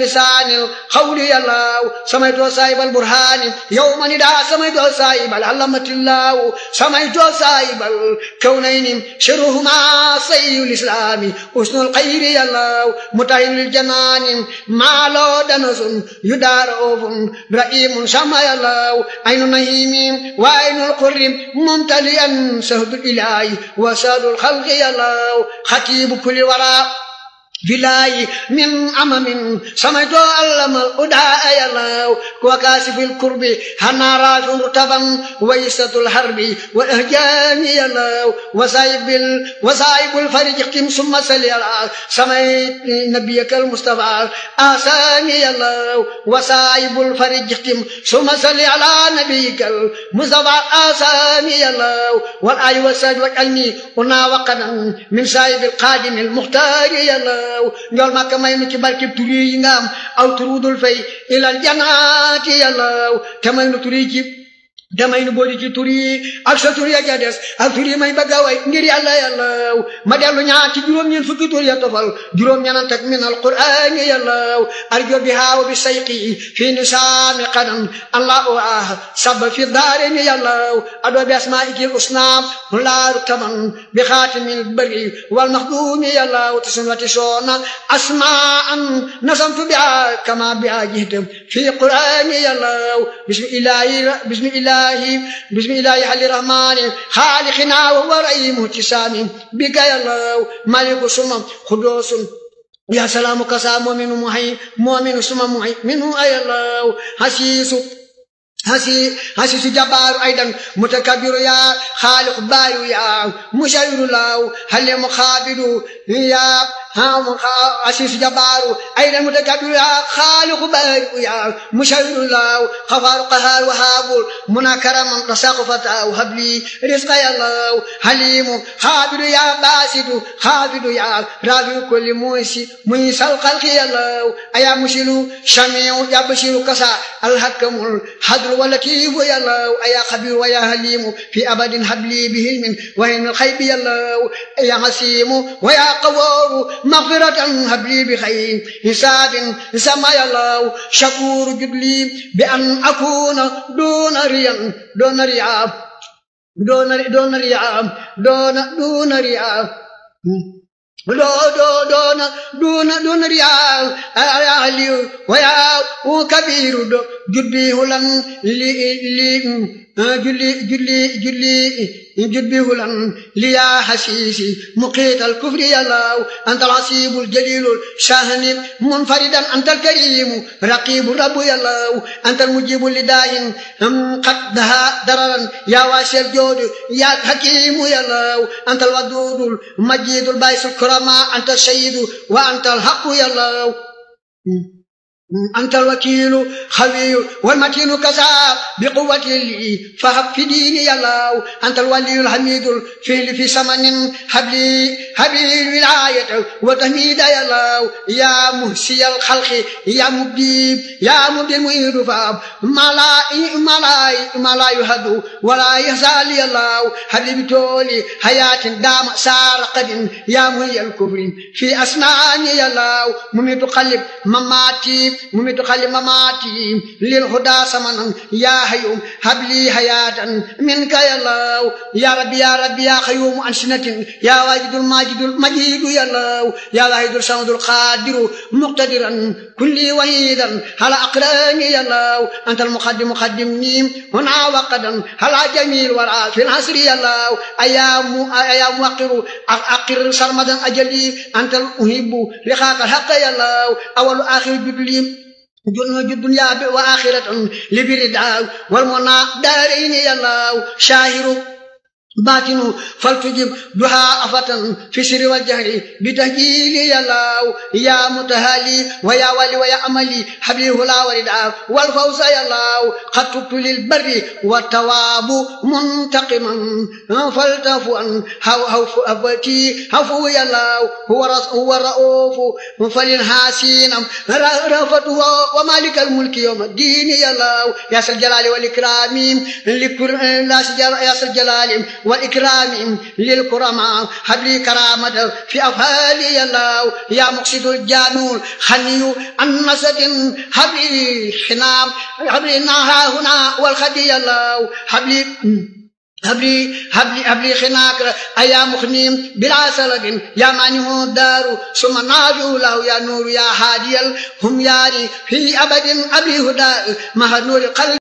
لسان القول يلو سمعت صاحب البرهان يوم ندى سمعت صاحب العلمة الله سمعت صاحب الكونين شرهما سيء الإسلام حسن الخير يلو متهن الجنان ما لو دنس يدار رئيم سما يلو عين نهيم وعين القرم ممتلئا سهد الإله وساد الخلق يلاه خطيب كل وراء bilaayi min amamin sama joo allamal udaa ayalaaw wa kaasifil kurbi hanaa raafinu taban wa isatul harbi wa ahjaani yalaaw wa saayibil wa saayibul fariji qim summa sali alaa samay nabiyakal mustafa asaani yalaaw wa saayibul fariji qim summa sali alaa nabiyakal mustafa asaani yalaaw wal aayi wa saaj waj'alnii unaa waqanan min saayibil qaadimil muxtaari yalaaw réew njool màkk may nu ci barkeb tur yi nga am aw tur wudul fay ilal janaati yàllaw te may nu tur yi ci damay nu booli ci tur yi ak sa tur ya ja des ak tur yi may bëgg a way ngir yàlla yàllaw ma dellu ñaar ci juróom-ñeen fukki tur ya tofal juróom-ñenant ak min alqurani yàllaw arjo bi haaw bi sayqi fii nisaami xanan allahu ah saba fi daare ni yàllaw adoo bi asmaa'iki usnaam mu laaru taman bi xaatimin bëri wal maxduumi yàllaw te sunwati soona asmaan nasamtu biha qurani yàllaw bismi ilaahi الله بسم الله الرحمن خالقنا وهو رئيم اتسام بك يا الله ملك سمم قدوس يا سلام كسام مؤمن محي مؤمن سمم محي منه أي الله حسيس hasi hasisu jabaaru aydan mutakabiru yaa xaaliqu baayu yaa musayru laaw halimu xaabidu yaa hasisu jabaaru aydan mutakabiru yaa xaaliqu baayu yaa musayru laaw xafaaru qahaar wahaabul munakaraman dasaqu fataaw habli risqa ya laaw halimu xaabidu yaa baasidu xaafidu yaa raafiu kulli muusi muisal xalqi ya laaw ayaa musilu shamiu yabsiru kasa alhakamul hadru الرحمن واللطيف يا الله يا خبير ويا حليم في أبد حبلي به من وين الخيب يا الله يا عسيم ويا قوار مغفرة حبلي بخير حساب سما يا الله شكور جدلي بأن أكون دون ريا دون ريا دون دون ريا دون دون ريا دو دو دون دون دون ريا يا علي ويا كبير jubbihu lan li li ah, julli julli julli jubbihu lan li yaa xasiisi muqiital kufri yàllaaw antal asiibul jaliilul shahni munfaridan antal kariimu raqiibu rabbu yàllaaw antal mujibu li daayin qad daha dararan yaa waasir joodu yaa hakiimu yàllaaw antal waduudul majiidul baa'isul kuramaa antal shahiidu wa antal haqqu yàllaaw hmm. أنت الوكيل خوي والمتين كساب بقوة لي فهب في ديني يلاو أنت الولي الحميد الفيل في سمن حبلي حبلي الولاية وتهميد يلاو يا مهسي الخلق يا مبديب يا مبدي المؤيد فاب ما لا ما لا ما لا يهدو ولا يهزال يلاو حبيب تولي حياة دام سار قد يا مهي الكفر في أسناني يلاو مميت قلب مماتيب mumit xalima maatiim lil hudaa samanan yaa hayum habli hayaatan minka ya law yaa rabbi yaa rabbi yaa xayumu an sinatin yaa waajidul maajidul majiidu ya law yaa waahidul samadul qaadiru muqtadiran kulli wahidan hala aqraani ya law antal muqaddim muqaddim niim huna waqadan hala jamiil wara fil hasri ya law ayaamu ayaamu waqiru aqir sarmadan ajali antal uhibbu liqaaqal haqqa ya law awalu aaxiru judliim junooju dunya bi wa axiratan libiri daaw wal mu naa daarayni yallaaw shaahiru baatinu faltujib duha afatan fi sirri wal jahri bi tahjili yallaaw ya mutahali wa ya wali wa ya amali habli hula wa rida wal fawsa yallaaw xatubtu lil barri wa tawaabu muntaqiman faltafu an haw haw abati hafu yallaaw huwa raufu falin hasinam rafatu wa malikal mulki yawma diini yallaaw yasal jalali wal ikrami likur yasal jalali والإكرام للكرماء هب لي كرامة في أفعالي يلاو يا مقصد الجانون خني عن نسد هب لي حنام هب لي نها هنا والخدي يلاو هب لي هبلي هبلي هبلي خناك أيا مخنيم بلا سلق يا مانع دار ثم ناجو له يا نور يا هادي هم ياري في أبد أبي هدى مه نور قلب